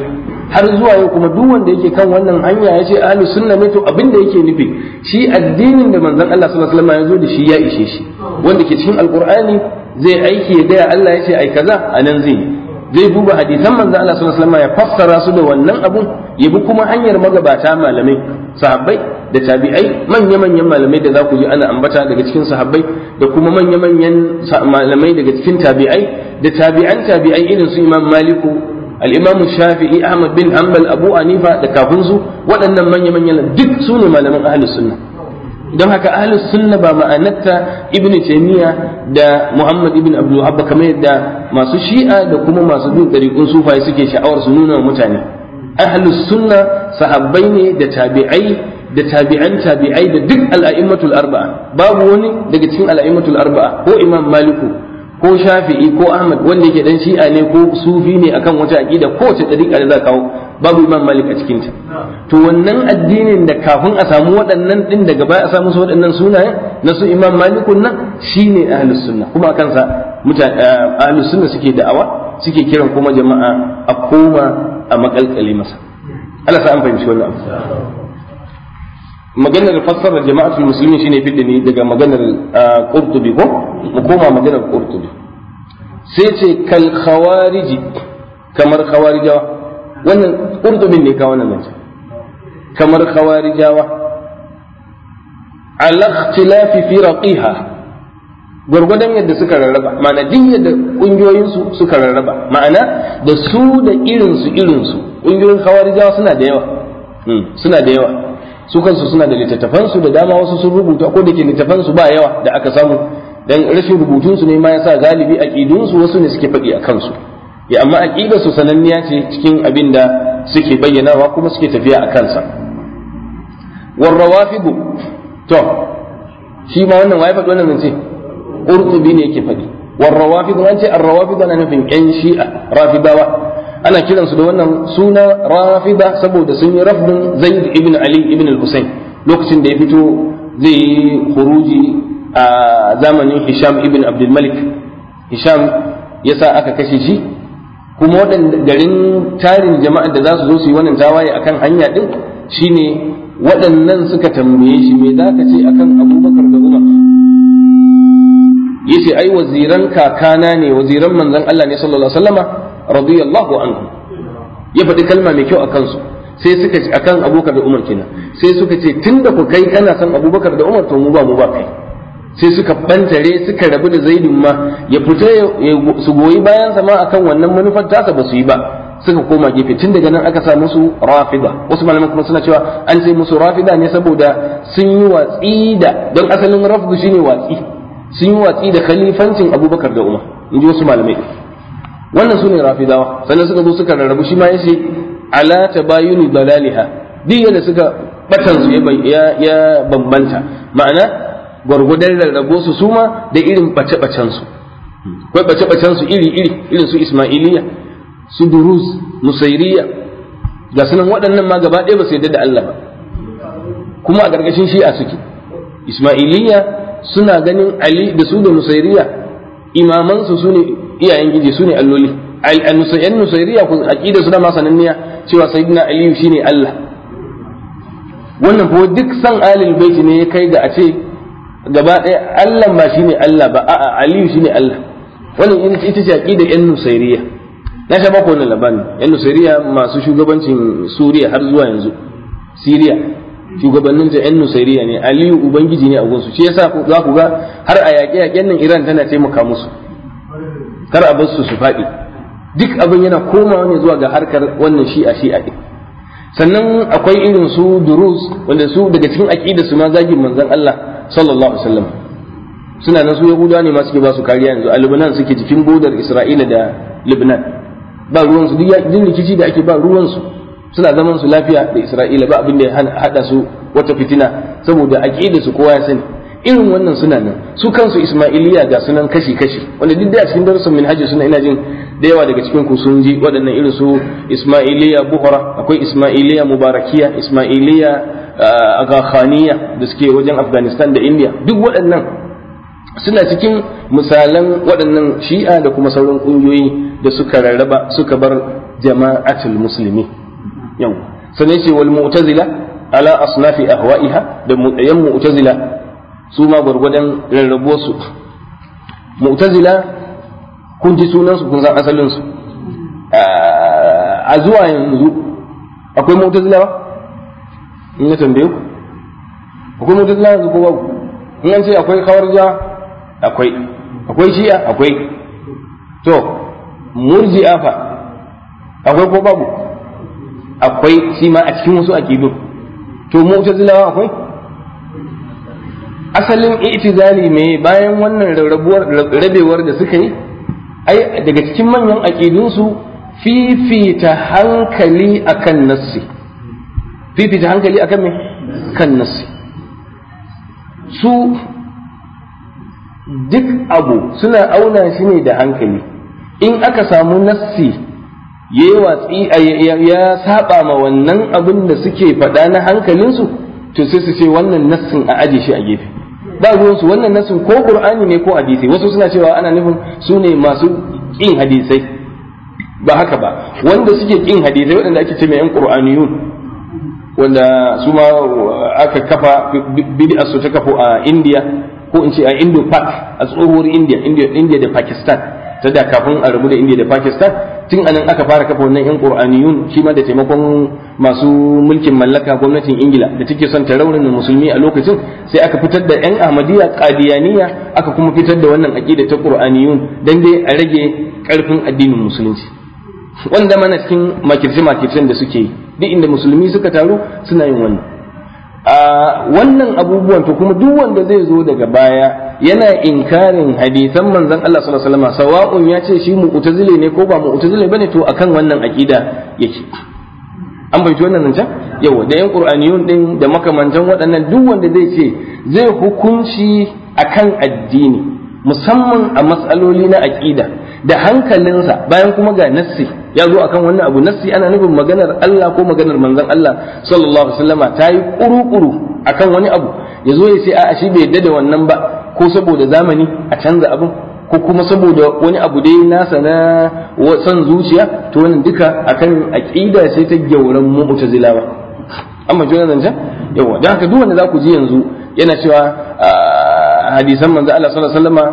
har zuwa yau kuma duk wanda yake kan wannan hanya ya ce sunna ne to abin da yake nufi shi addinin da manzan Allah sallallahu alaihi wasallam ya zo da shi ya ishe shi wanda ke cikin alqur'ani zai aiki ya gaya Allah yace ai kaza a nan zai zai duba hadisan manzo Allah sallallahu alaihi wasallam ya fassara su da wannan abun ya bi kuma hanyar magabata malamai sahabbai da tabi'ai manya-manyan malamai da za ku ji ana ambata daga cikin sahabbai da kuma manya-manyan malamai daga cikin tabi'ai da tabi'an tabi'ai irin su Imam Maliku al-Imam Shafi'i Ahmad bin Hanbal Abu Anifa, da kafin su waɗannan manya-manyan duk su ne malaman ahlus sunna don haka ahlus sunna ba ma'anarta ibn taymiya da muhammad ibn abdul wahhab kamar yadda masu shi'a da kuma masu bin dariqun sufaye suke sha'awar su nuna mutane ahlus sunna sahabbai ne da tabi'ai da tabi'an tabi'ai da duk al'a'immatul arba'a babu wani daga cikin al'a'immatul arba'a ko imam maliku ko shafi'i ko ahmad wanda yake dan shi'a ne ko sufi ne akan wata aqida ko wace dariƙa da za kawo babu imam malik a cikin ta to wannan addinin da kafin a samu waɗannan din daga baya a samu su waɗannan sunaye na su imam malikun nan shine ahlus sunna kuma akan sa eh, ahlus sunna suke da'awa suke kiran kuma jama'a a koma a makalkale masa Allah sa an fahimci wannan maganar fassarar fi musulmi shine bidini daga maganar ah, qurtubi ko mu koma maganar qurtubi sai ce kal khawarij kamar khawarijawa wannan qurtubin ne ka wannan mace kamar khawarijawa al ikhtilaf fi raqiha gwargwadon yadda suka rarraba ma'ana din yadda su, suka rarraba ma'ana da su da irinsu irinsu kungiyoyin khawarijawa suna da yawa hmm, suna da yawa su kansu suna da littattafan su da dama wasu sun rubuta ko da ke littattafan su ba yawa da aka samu dan rashin rubutun su ne ma yasa galibi aqidun su wasu ne suke faɗi a kansu ya amma aqidar su sananniya ce cikin abin da suke bayyanawa kuma suke tafiya a kansa war rawafidu to shi ma wannan waye faɗi wannan zance qurtubi ne yake faɗi war rawafidu an ce ar rawafidu ana nufin yan shi'a rafidawa ana kiransu da wannan suna rafida saboda sun yi rafdin zaid ibn ali ibn al-husayn lokacin da ya fito zai yi huruji a zamanin hisham ibn abdul malik hisham yasa aka kashe shi kuma waɗanda garin tarin jama'a da za su zo su yi wannan tawaye akan hanya din shine waɗannan suka tambaye shi me za ce akan abubakar da umar yace ai waziran kakana ne waziran manzon Allah ne sallallahu alaihi wasallama radiyallahu anhu ya faɗi kalma mai kyau a kansu sai suka ce akan abubakar da umar kenan sai suka ce tunda ku kai kana son abubakar da umar to mu ba mu ba kai sai suka bantare suka rabu da zaidin ma ya fita su goyi bayan sama akan wannan manufar tasa ba su yi ba suka koma gefe tun daga nan aka sa musu rafida wasu malaman kuma suna cewa an sai musu rafida ne saboda sun yi watsi da don asalin rafdu shine watsi sun yi watsi da khalifancin abubakar da umar in ji wasu malamai wannan sune rafidawa sannan suka zo suka rarrabu shi ma yace ala tabayunu dalaliha duk yadda suka batan su ya bambanta ma'ana gwargwadon rarrabo su suma da irin bace-bacen su kai bace-bacen su iri-iri irin su ismailiya su durus nusairiya ga sunan waɗannan ma gaba ɗaya ba su yarda da Allah ba kuma a gargashin a suke ismailiya suna ganin ali da su da nusairiya imamansu su ne iyayen giji ne alloli al-nusayyan nusairiya ku aqida su da ma sananniya cewa sayyidina aliyu shine Allah wannan ko duk san alil baiti ne ya kai ga a ce gaba ɗaya Allah ba shine Allah ba a'a aliyu shine Allah wannan ita ce aqida yan nusayriya na sha bako wannan labarin yan nusayriya masu shugabancin Suriya har zuwa yanzu Siriya shugabannin ta 'yan ne aliyu ubangiji ne a gunsu shi yasa za ku ga har a yaƙe yaƙen nan iran tana taimaka musu kar a bar su su faɗi duk abin yana komawa ne zuwa ga harkar wannan shi'a shi'a din sannan akwai irin su durus wanda su daga cikin aqida su ma zagin manzon Allah sallallahu alaihi wasallam suna nan su yahudawa ne ma suke ba su kariya yanzu a Lebanon suke cikin bodar Isra'ila da Lebanon ba ruwan su duk rikici da ake ba ruwan su suna zaman su lafiya da Isra'ila ba abin da ya hada su wata fitina saboda aqida su kowa ya sani irin wannan suna nan su kansu ismailiya ga sunan kashi kashi wanda duk da a cikin darussan minhaji suna ina jin da yawa daga cikin ku sun ji waɗannan irin su ismailiya buhra akwai ismailiya mubarakiya ismailiya uh, agakhaniya da suke wajen afghanistan da india duk waɗannan suna cikin misalan waɗannan shi'a da kuma sauran ƙungiyoyi da suka rarraba suka bar jama'atul musulmi yau sanai ce wal mu'tazila ala asnafi ahwa'iha da mutayen mu'tazila su ma gwargwadon rarrabuwarsu mu'tazila kun ji sunansu kun san asalinsu a zuwa yanzu akwai mu'tazila ba in na tambaye ku akwai mu'tazila yanzu ko babu in an ce akwai kawarja akwai akwai shi'a akwai to murji'a fa akwai ko babu akwai shi ma a cikin wasu aqidu to mu'tazila akwai asalin itizali me bayan wannan rabewar da suka yi ai daga cikin manyan aƙidunsu fifita hankali akan nassi fifita hankali akan me kan nassi su duk abu suna auna shi ne da hankali in aka samu nassi ya saba ma wannan abin da suke faɗa na hankalinsu to sai su ce wannan nassin a aji shi a gefe ba ruwansu wannan nasu ko qur'ani ne ko hadisi wasu suna cewa ana nufin su ne masu kin hadisai ba haka ba wanda suke kin hadisai waɗanda ake ce mai yan qur'aniyun wanda su ma aka kafa bid'a su ta kafu a India ko in ce a Indo Pak a tsohuwar India India da Pakistan ta da kafin a rabu da India da Pakistan tun anan aka fara kafa wannan yan qur'aniyun shi ma da taimakon masu mulkin mallaka gwamnatin ingila da take son ta raunin musulmi a lokacin sai aka fitar da yan ahmadiyya ƙadiyaniya aka kuma fitar da wannan aqida ta qur'aniyun dan dai a rage karfin addinin musulunci wanda mana cikin makirce makircen da suke yi, duk inda musulmi suka taru suna yin wannan wannan abubuwan to kuma duk wanda zai zo daga baya yana inkarin hadisan manzon Allah sallallahu alaihi wasallam sawa'un ya ce shi mu'tazile ne ko ba mu'tazile bane to akan wannan aqida yake an bai wannan nan can yawa da yan qur'aniyun din da makamantan waɗannan duk wanda zai ce zai hukunci akan addini musamman a matsaloli na aqida da hankalinsa bayan kuma ga nassi ya zo akan wannan abu nassi ana nufin maganar Allah ko maganar manzon Allah sallallahu alaihi wasallama ta yi kuru akan wani abu ya zo ya ce a shi bai yadda da wannan ba ko saboda zamani a canza abin ko kuma saboda wani abu dai nasa na son zuciya to wannan duka akan aqida sai ta gauran mu'tazilawa amma jona ja yawa dan haka duk wanda za ku ji yanzu yana cewa hadisan manzo Allah sallallahu alaihi wasallama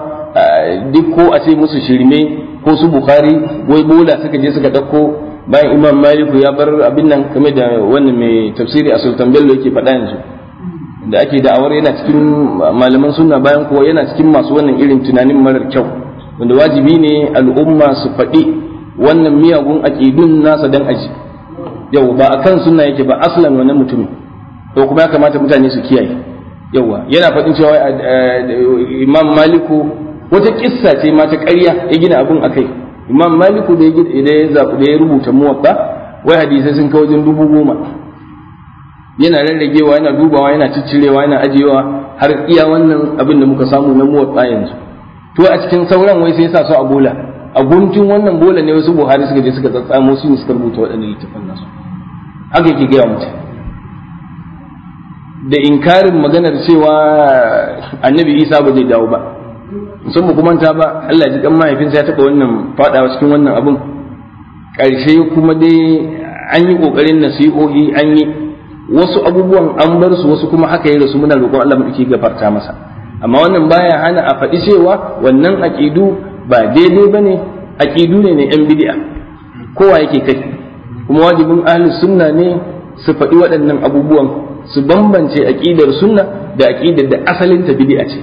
duk ko a ce musu shirme ko su bukhari wai bola suka je suka dauko bayan imam maliku ya bar abin nan kamar da wani mai tafsiri a sultan bello yake faɗa yanzu da ake da'awar yana cikin malaman sunna bayan kuwa yana cikin masu wannan irin tunanin marar kyau wanda wajibi ne al'umma su faɗi wannan miyagun aƙidun nasa dan aji yau ba a kan sunna yake ba aslan wannan mutumin to kuma ya kamata mutane su kiyaye yawa yana faɗin cewa eh, imam maliku wata kissa ce ma ta ƙarya ya gina a kai. imam maliku da ya zaɓu da ya rubuta muwatta wai hadisai sun kai wajen dubu goma yana rarragewa yana dubawa yana ciccirewa yana ajiyewa har iya wannan abin da muka samu na muwatta yanzu to a cikin sauran wai sai sa su a bola a guntun wannan bola ne wasu buhari suka je suka tsatsamo su ne suka rubuta waɗannan littafan nasu haka yake gaya mutum da inkarin maganar cewa annabi isa ba zai dawo ba sun mukumanta ba Allah ji kan mahaifinsa ya taɓa wannan faɗa cikin wannan abun ƙarshe kuma dai an yi ƙoƙarin nasihohi an yi wasu abubuwan an bar su wasu kuma haka ya rasu muna roƙon Allah mu gafarta masa amma wannan baya hana a faɗi cewa wannan aƙidu ba daidai bane aƙidu ne na 'yan kowa yake kai kuma wajibin ahli sunna ne su faɗi waɗannan abubuwan su bambance aƙidar sunna da aƙidar da asalin ta bid'a ce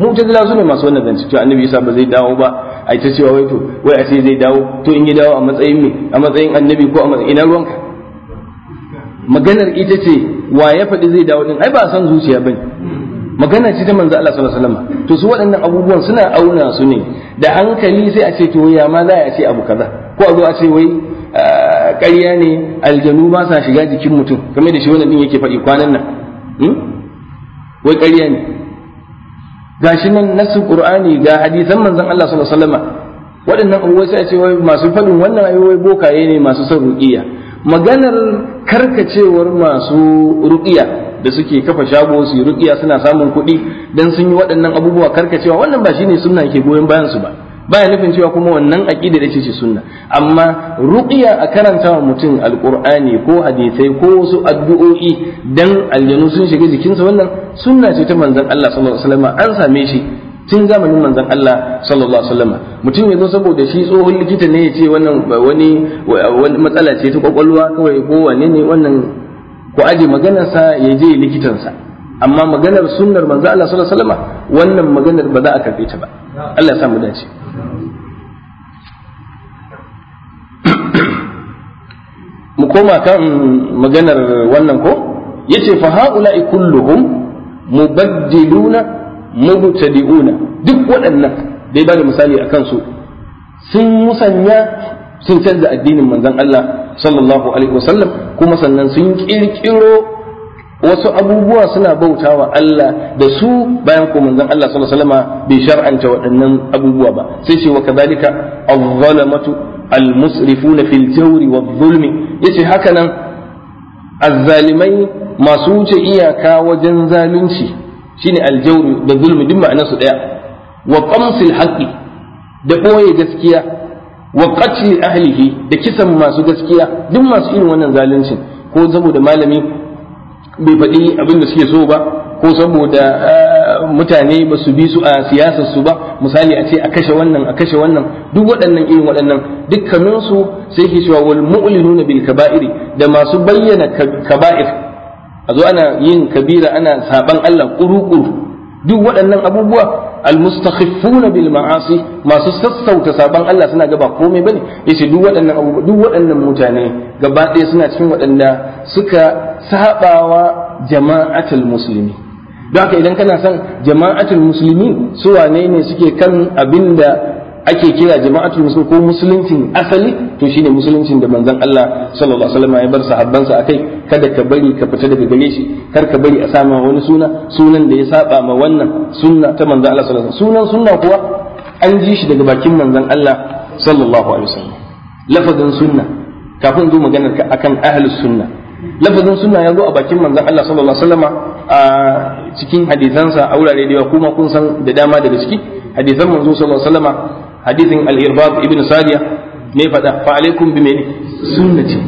zila su ne masu wannan zance cewa annabi isa ba zai dawo ba A ita cewa wai to wai a ce zai dawo to in ya dawo a matsayin me a matsayin annabi ko a matsayin ina ruwanka maganar ita ce wa ya faɗi zai dawo din ai ba san zuciya ne. magana ce ta manzo Allah sallallahu alaihi wasallam to su waɗannan abubuwan suna auna su ne da hankali sai a ce to ya ma za a ce abu kaza ko a zo a ce wai ƙarya ne aljanu ba sa shiga jikin mutum kamar da shi wannan din yake faɗi kwanan nan hmm? wai ƙarya ne Ga gashi nan nasu qur'ani ga hadisan manzon Allah sallallahu alaihi wasallam waɗannan abubuwa sai ce wai masu fadin wannan ayoyi bokaye ne masu son ruqiya maganar karkacewar masu ruqiya da suke kafa shago su yi ruqiya suna samun kuɗi dan sun yi waɗannan abubuwa karkacewa wannan ba shine sunna ke goyon bayan su ba baya nufin cewa kuma wannan aqida da ce sunna amma ruqiya a karanta wa mutum alqur'ani ko hadisai ko wasu addu'o'i dan aljanu sun shiga jikinsa wannan sunna ce ta manzon Allah sallallahu alaihi wasallam an same shi tun zamanin manzon Allah sallallahu alaihi wasallam mutum ya zo saboda shi tsohon likita ne ya ce wannan wani wani matsala ce ta kwakwalwa kawai ko wane ne wannan ko aje maganarsa ya je likitansa amma maganar sunnar manzo Allah sallallahu alaihi wasallam wannan maganar ba za a karbe ta ba Allah ya sa mu dace mu koma kan maganar wannan ko yace fa haula'i kulluhum mubaddiluna mubtadi'una duk waɗannan dai bada misali akan su sun musanya sun canza addinin manzon Allah sallallahu alaihi wasallam kuma sannan sun kirkiro wasu abubuwa suna bautawa Allah da su bayan ko manzon Allah sallallahu alaihi wasallam bai shar'anta waɗannan abubuwa ba sai ce wa kadhalika az-zalamatu al-musrifuna fil jawri wadh-dhulmi yace haka nan azzalimai masu wuce iyaka wajen zalunci shine aljawr da zulmi duk ma'ana su daya wa qamsil haqqi da boye gaskiya wa qatl ahlihi da kisan masu gaskiya duk masu irin wannan zaluncin ko saboda malami bai faɗi abin da suke so ba ko saboda ah, mutane ba su bi su a siyasar su ba misali a ce a kashe wannan a kashe wannan duk waɗannan irin waɗannan dukkanin su sai ke cewa wal mu'linuna bil kaba'iri da masu bayyana kaba'ir a zo ana yin kabira ana saban Allah kuru-kuru duk waɗannan abubuwa almustakhifuna bil ma'asi masu sassauta saban Allah suna gaba komai bane yace duk waɗannan abubuwa duk waɗannan mutane gaba ɗaya suna cikin waɗanda suka sabawa jama'atul musulmi. don haka idan kana son jama'atul musulmi su wane ne suke kan abin da ake kira jama'atul musulmi ko musuluncin asali to shine musuluncin da manzon Allah sallallahu alaihi wasallam ya bar sahabbansa akai kada ka bari ka fita daga gare shi kar ka bari a sama wani suna sunan da ya saba ma wannan sunna ta manzon Allah sallallahu alaihi wasallam sunan sunna kuwa an ji shi daga bakin manzon Allah sallallahu alaihi wasallam lafazin sunna kafin zo maganar akan ahlus sunna lafazin sunna ya zo a bakin manzon Allah sallallahu alaihi wasallam a cikin hadisansa a wurare da yawa kuma kun san da dama daga ciki hadisan manzo sallallahu alaihi wasallam hadisin al-irbad ibn sadiya me fada fa alaikum bi mene sunnati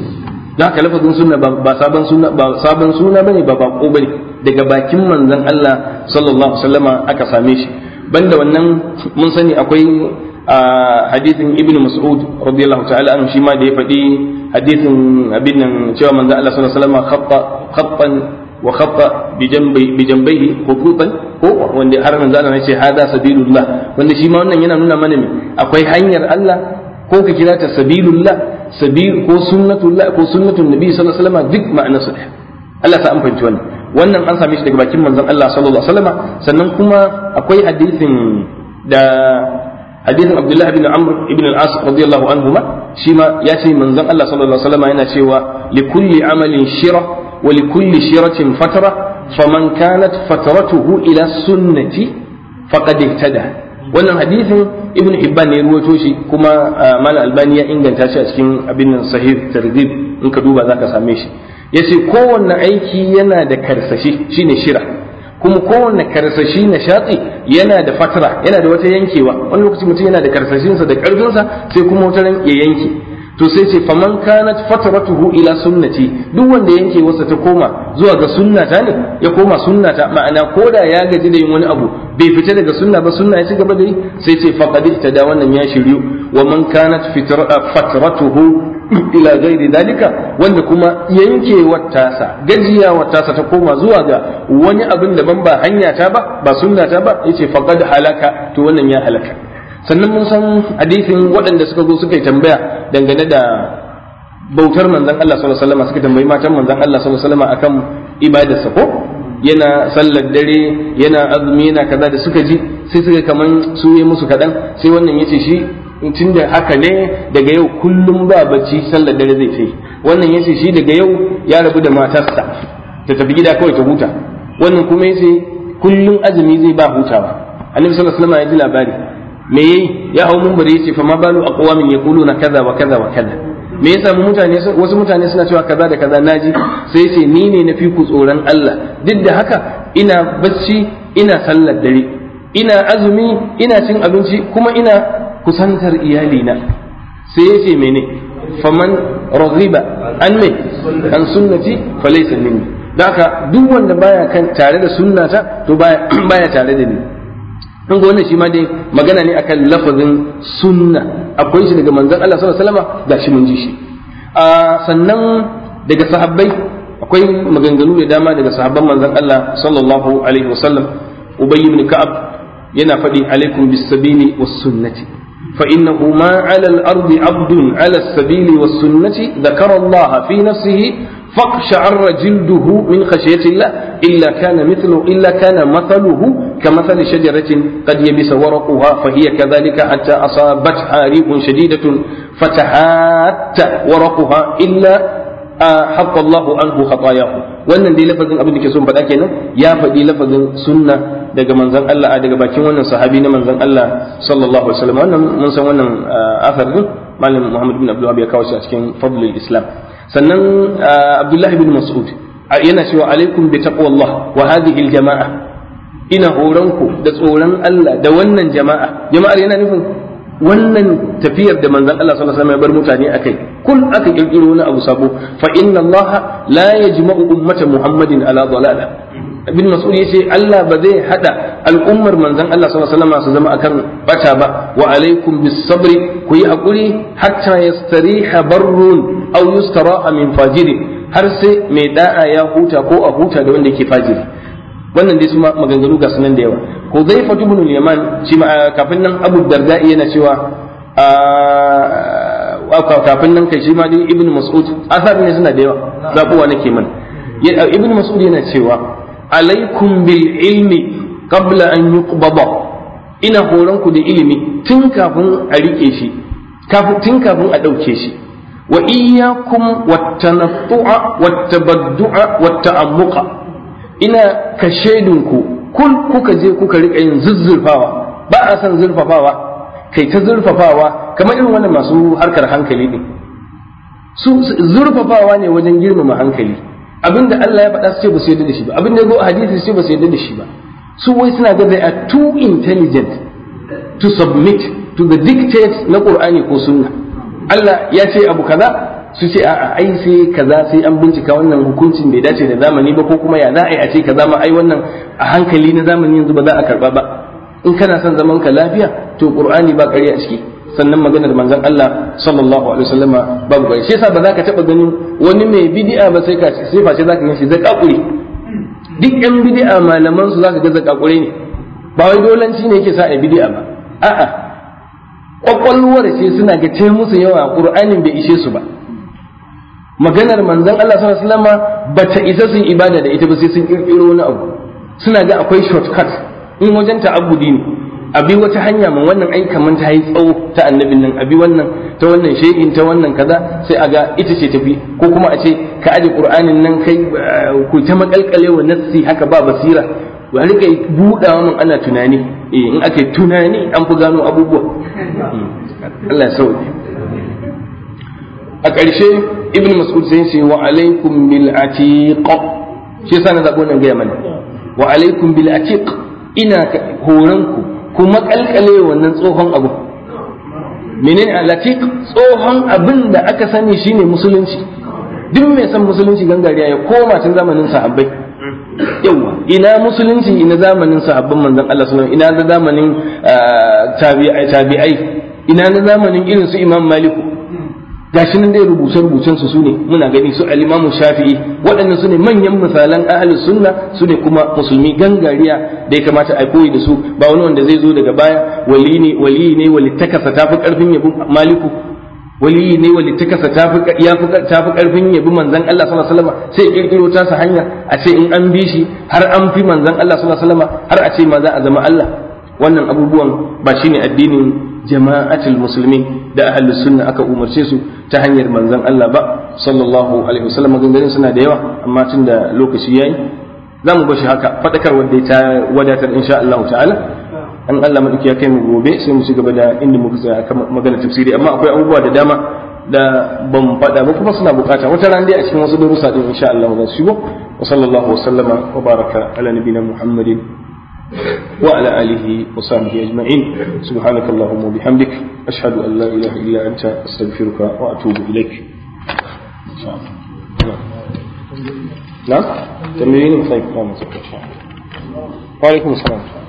da ka lafazin sunna ba sabon sunna ba sabon sunna bane ba bako bane daga bakin manzon Allah sallallahu alaihi wasallam aka same shi banda wannan mun sani akwai hadisin ibn mas'ud radiyallahu ta'ala anhu shi ma da ya faɗi hadisin abin nan cewa manzon Allah sallallahu alaihi wasallam khatta khattan wa khaffa bi jambai bi jambai khututan ko wanda har manzo Allah ya ce hada sabilullah wanda shi ma wannan yana nuna mana me akwai hanyar Allah ko ka kira ta sabilullah sabil ko sunnatullah ko sunnatun nabi sallallahu alaihi duk ma'ana su wannan wannan an same shi daga bakin manzon Allah sallallahu alaihi wasallam sannan kuma akwai hadisin da hadisin Abdullah ibn Amr ibn al-As radiyallahu anhu ma shi ma ya ce manzon Allah sallallahu alaihi wasallam yana cewa li kulli amalin shira ولكل شيرة فترة فمن كانت فترته إلى السنة فقد اهتدى wannan hadisin ibn hibban ne ruwaito shi kuma mal albani ya inganta shi a cikin abin sahih targhib in ka duba zaka same shi yace kowanne aiki yana da karsashi shine shira kuma kowanne karsashi na shatsi yana da fatara yana da wata yankewa wani lokaci mutum yana da karsashinsa da karfinsa sai kuma wata ya yanke to sai ce faman kanat fataratuhu ila sunnati duk wanda yanke wasa ta koma zuwa ga sunnata ne ya koma sunnata ma'ana koda ya gaji da yin wani abu bai fita daga sunna ba sunna ya ci gaba da yi sai ce faqad ihtada wannan ya shiryu wa man kanat ah, fatratuhu ila ghairi dalika wanda kuma yankewar wattasa gajiya wattasa ta koma zuwa ga wani abin da ban ba hanya ta ba ba sunna ta ba yace faqad halaka to wannan ya halaka sannan mun san hadisin waɗanda suka zo suka yi tambaya dangane da bautar manzon Allah sallallahu alaihi wasallam suka tambayi matan manzon Allah sallallahu alaihi wasallam akan ibadarsa ko yana sallar dare yana azumi yana kaza da suka ji sai suka kaman su yi musu kaɗan sai wannan yace shi tun da haka ne daga yau kullum ba bacci sallar dare zai ce wannan yace shi daga yau ya rabu da matarsa ta tafi gida kawai ta huta wannan kuma yace kullum azumi zai ba hutawa annabi sallallahu alaihi wasallam ya ji labari me yayi ya hau mun bare yace fa ma balu aqwamin yaquluna kaza wa kaza wa kaza me yasa mu mutane wasu mutane suna cewa kaza da kaza naji sai yace ni ne na fi ku tsoron Allah duk da haka ina bacci ina sallar dare ina azumi ina cin abinci kuma ina kusantar iyalina sai yace mene faman raghiba an me an sunnati falaysa minni da haka duk wanda baya kan tare da sunnata to baya baya tare da ni in ga wannan shi ma dai magana ne akan lafazin sunna akwai shi daga manzon Allah sallallahu alaihi wasallam gashi mun ji shi A sannan daga sahabbai akwai maganganu da dama daga sahabban manzon Allah sallallahu alaihi wasallam ubay ibn ka'ab yana faɗi alaikum bis sabili was sunnati fa innahu ma ala al ardi abdun ala as sabili was sunnati dhakara Allah fi nafsihi فاقشعر جلده من خشية الله إلا كان مثله إلا كان مثله كمثل شجرة قد يبس ورقها فهي كذلك حتى أصابتها ريح شديدة فتحات ورقها إلا حق الله عنه خطاياه wannan dai lafazin abin da ke son faɗa kenan ya faɗi lafazin sunna daga manzon Allah a daga bakin wannan sahabi na manzon Allah sallallahu alaihi wasallam wannan mun san wannan asar din malam Muhammad bin ya kawo cikin Islam sannan uh, abdullahi bin mas'ud yana cewa alaikum bi taqwallah wa hadhihi aljamaa ina horonku da tsoron Allah da wannan jama'a jama'ar yana nufin wannan tafiyar da manzon Allah sallallahu alaihi wasallam ya bar mutane akai kun aka kirkiro wani abu sabo fa inna Allah la yajma'u ummata Muhammadin ala dalala bin mas'ud yace Allah ba zai hada al'ummar manzon Allah sallallahu alaihi wasallam su zama akan bata ba wa alaikum bis sabri ku yi hakuri hatta yastariha barrun aw yuskara min fajiri har sai mai da'a ya huta ko a huta da wanda yake fajiri wannan dai kuma maganganu ga sunan da yawa Hudhaifa ibn al-Yaman shi kafin nan Abu Darda yana cewa kafin nan kai shi ma dai Ibn Mas'ud asar ne suna da yawa za kuwa nake mana Ibn Mas'ud yana cewa alaikum bil ilmi qabla an yuqbada ina horon ku da ilimi tun kafin a rike shi kafin tun kafin a dauke shi wa iyyakum wattanattu'a wattabaddu'a watta'ammuqa ina ka ku kun kuka je kuka rika yin zuzzurfawa ba a san kai ta zurfafawa kamar irin wannan masu harkar hankali ne su ne wajen girmama hankali abinda Allah ya faɗa su ce ba su yarda da shi ba abinda ya zo hadisi su ce ba su yarda da shi ba su wai suna ga they are too intelligent to submit to the dictates na Qur'ani ko Sunna Allah ya ce abu kaza su ce a'a ai sai kaza sai an bincika wannan hukuncin bai dace da zamani ba ko kuma ya za a yi a ce kaza ma ai wannan a hankali na zamani yanzu ba za a karba ba in kana son zaman ka lafiya to qur'ani ba a ciki sannan maganar manzon Allah sallallahu alaihi wasallama ba ba shi yasa ba za ka taba ganin wani mai bid'a ba sai ka sai ka zaka shi zai kakure duk yan bid'a malaman su zaka ga zakakure ne ba wai dolanci ne yake sa a bid'a ba a'a kwakwalwar ce suna ga musu yawa ƙur'anin bai ishe su ba maganar manzon Allah suna alaihi ba ta isa sun ibada da ita ba sai sun ƙirƙiro wani abu suna ga akwai shortcut in wajen ta'abbudi ne abi wata hanya man wannan ai kaman ta yi tsawo ta annabin nan abi wannan ta wannan shehin ta wannan kaza sai a ga ita ce tafi ko kuma a ce ka ajiye qur'anin nan kai ku ta makalkale wa nassi haka ba basira to a rika buɗawa min ana tunani eh in aka yi tunani an fi gano abubuwa Allah ya sauke a ƙarshe ibn mas'ud sai ce wa alaikum bil atiq shi yasa na zabo nan gaya mana wa alaikum bil atiq ina horanku ku kalkale wannan tsohon abu menene alatik tsohon abin da aka sani shine musulunci duk mai san musulunci gangariya ya koma tun zamanin sahabbai yawa ina musulunci ina zamanin sahabban manzon Allah sallallahu ina zamanin ah, tabi'ai ina na zamanin irin su Imam Malik gashi nan dai rubuce rubucen su sune muna gani su al-Imam Shafi'i waɗannan sune manyan misalan ahlus sunna sune kuma musulmi gangariya da ya kamata a koyi da su ba wani wanda zai zo daga baya wali ne wali ne wali takasa tafi karfin yabon Maliku waliyi ne wani ta kasa ta fi karfin yabi manzan Allah sallallahu alaihi wasallam sai kirkiro ta sa hanya a ce in an bi shi har an fi manzan Allah sallallahu alaihi wasallam har a ce ma za a zama Allah wannan abubuwan ba shine addinin jama'atul musulmi da ahlus sunna aka umarce su ta hanyar manzan Allah ba sallallahu alaihi wasallam maganganun suna da yawa amma tun da lokaci yayi za mu bashi haka fadakar wanda ta wadatar insha Allah ta'ala an Allah madauki ya kai mu gobe sai mu ci gaba da inda muka tsaya akan magana tafsiri amma akwai abubuwa da dama da ban faɗa ba kuma suna bukata wata ran dai a cikin wasu darussa din insha Allah za su shigo wa sallallahu wa sallama wa baraka ala nabina muhammadin wa ala alihi wa sahbihi ajma'in subhanakallahumma wa bihamdik ashhadu an la ilaha illa anta astaghfiruka wa atubu ilaik نعم تمرين طيب نعم وعليكم السلام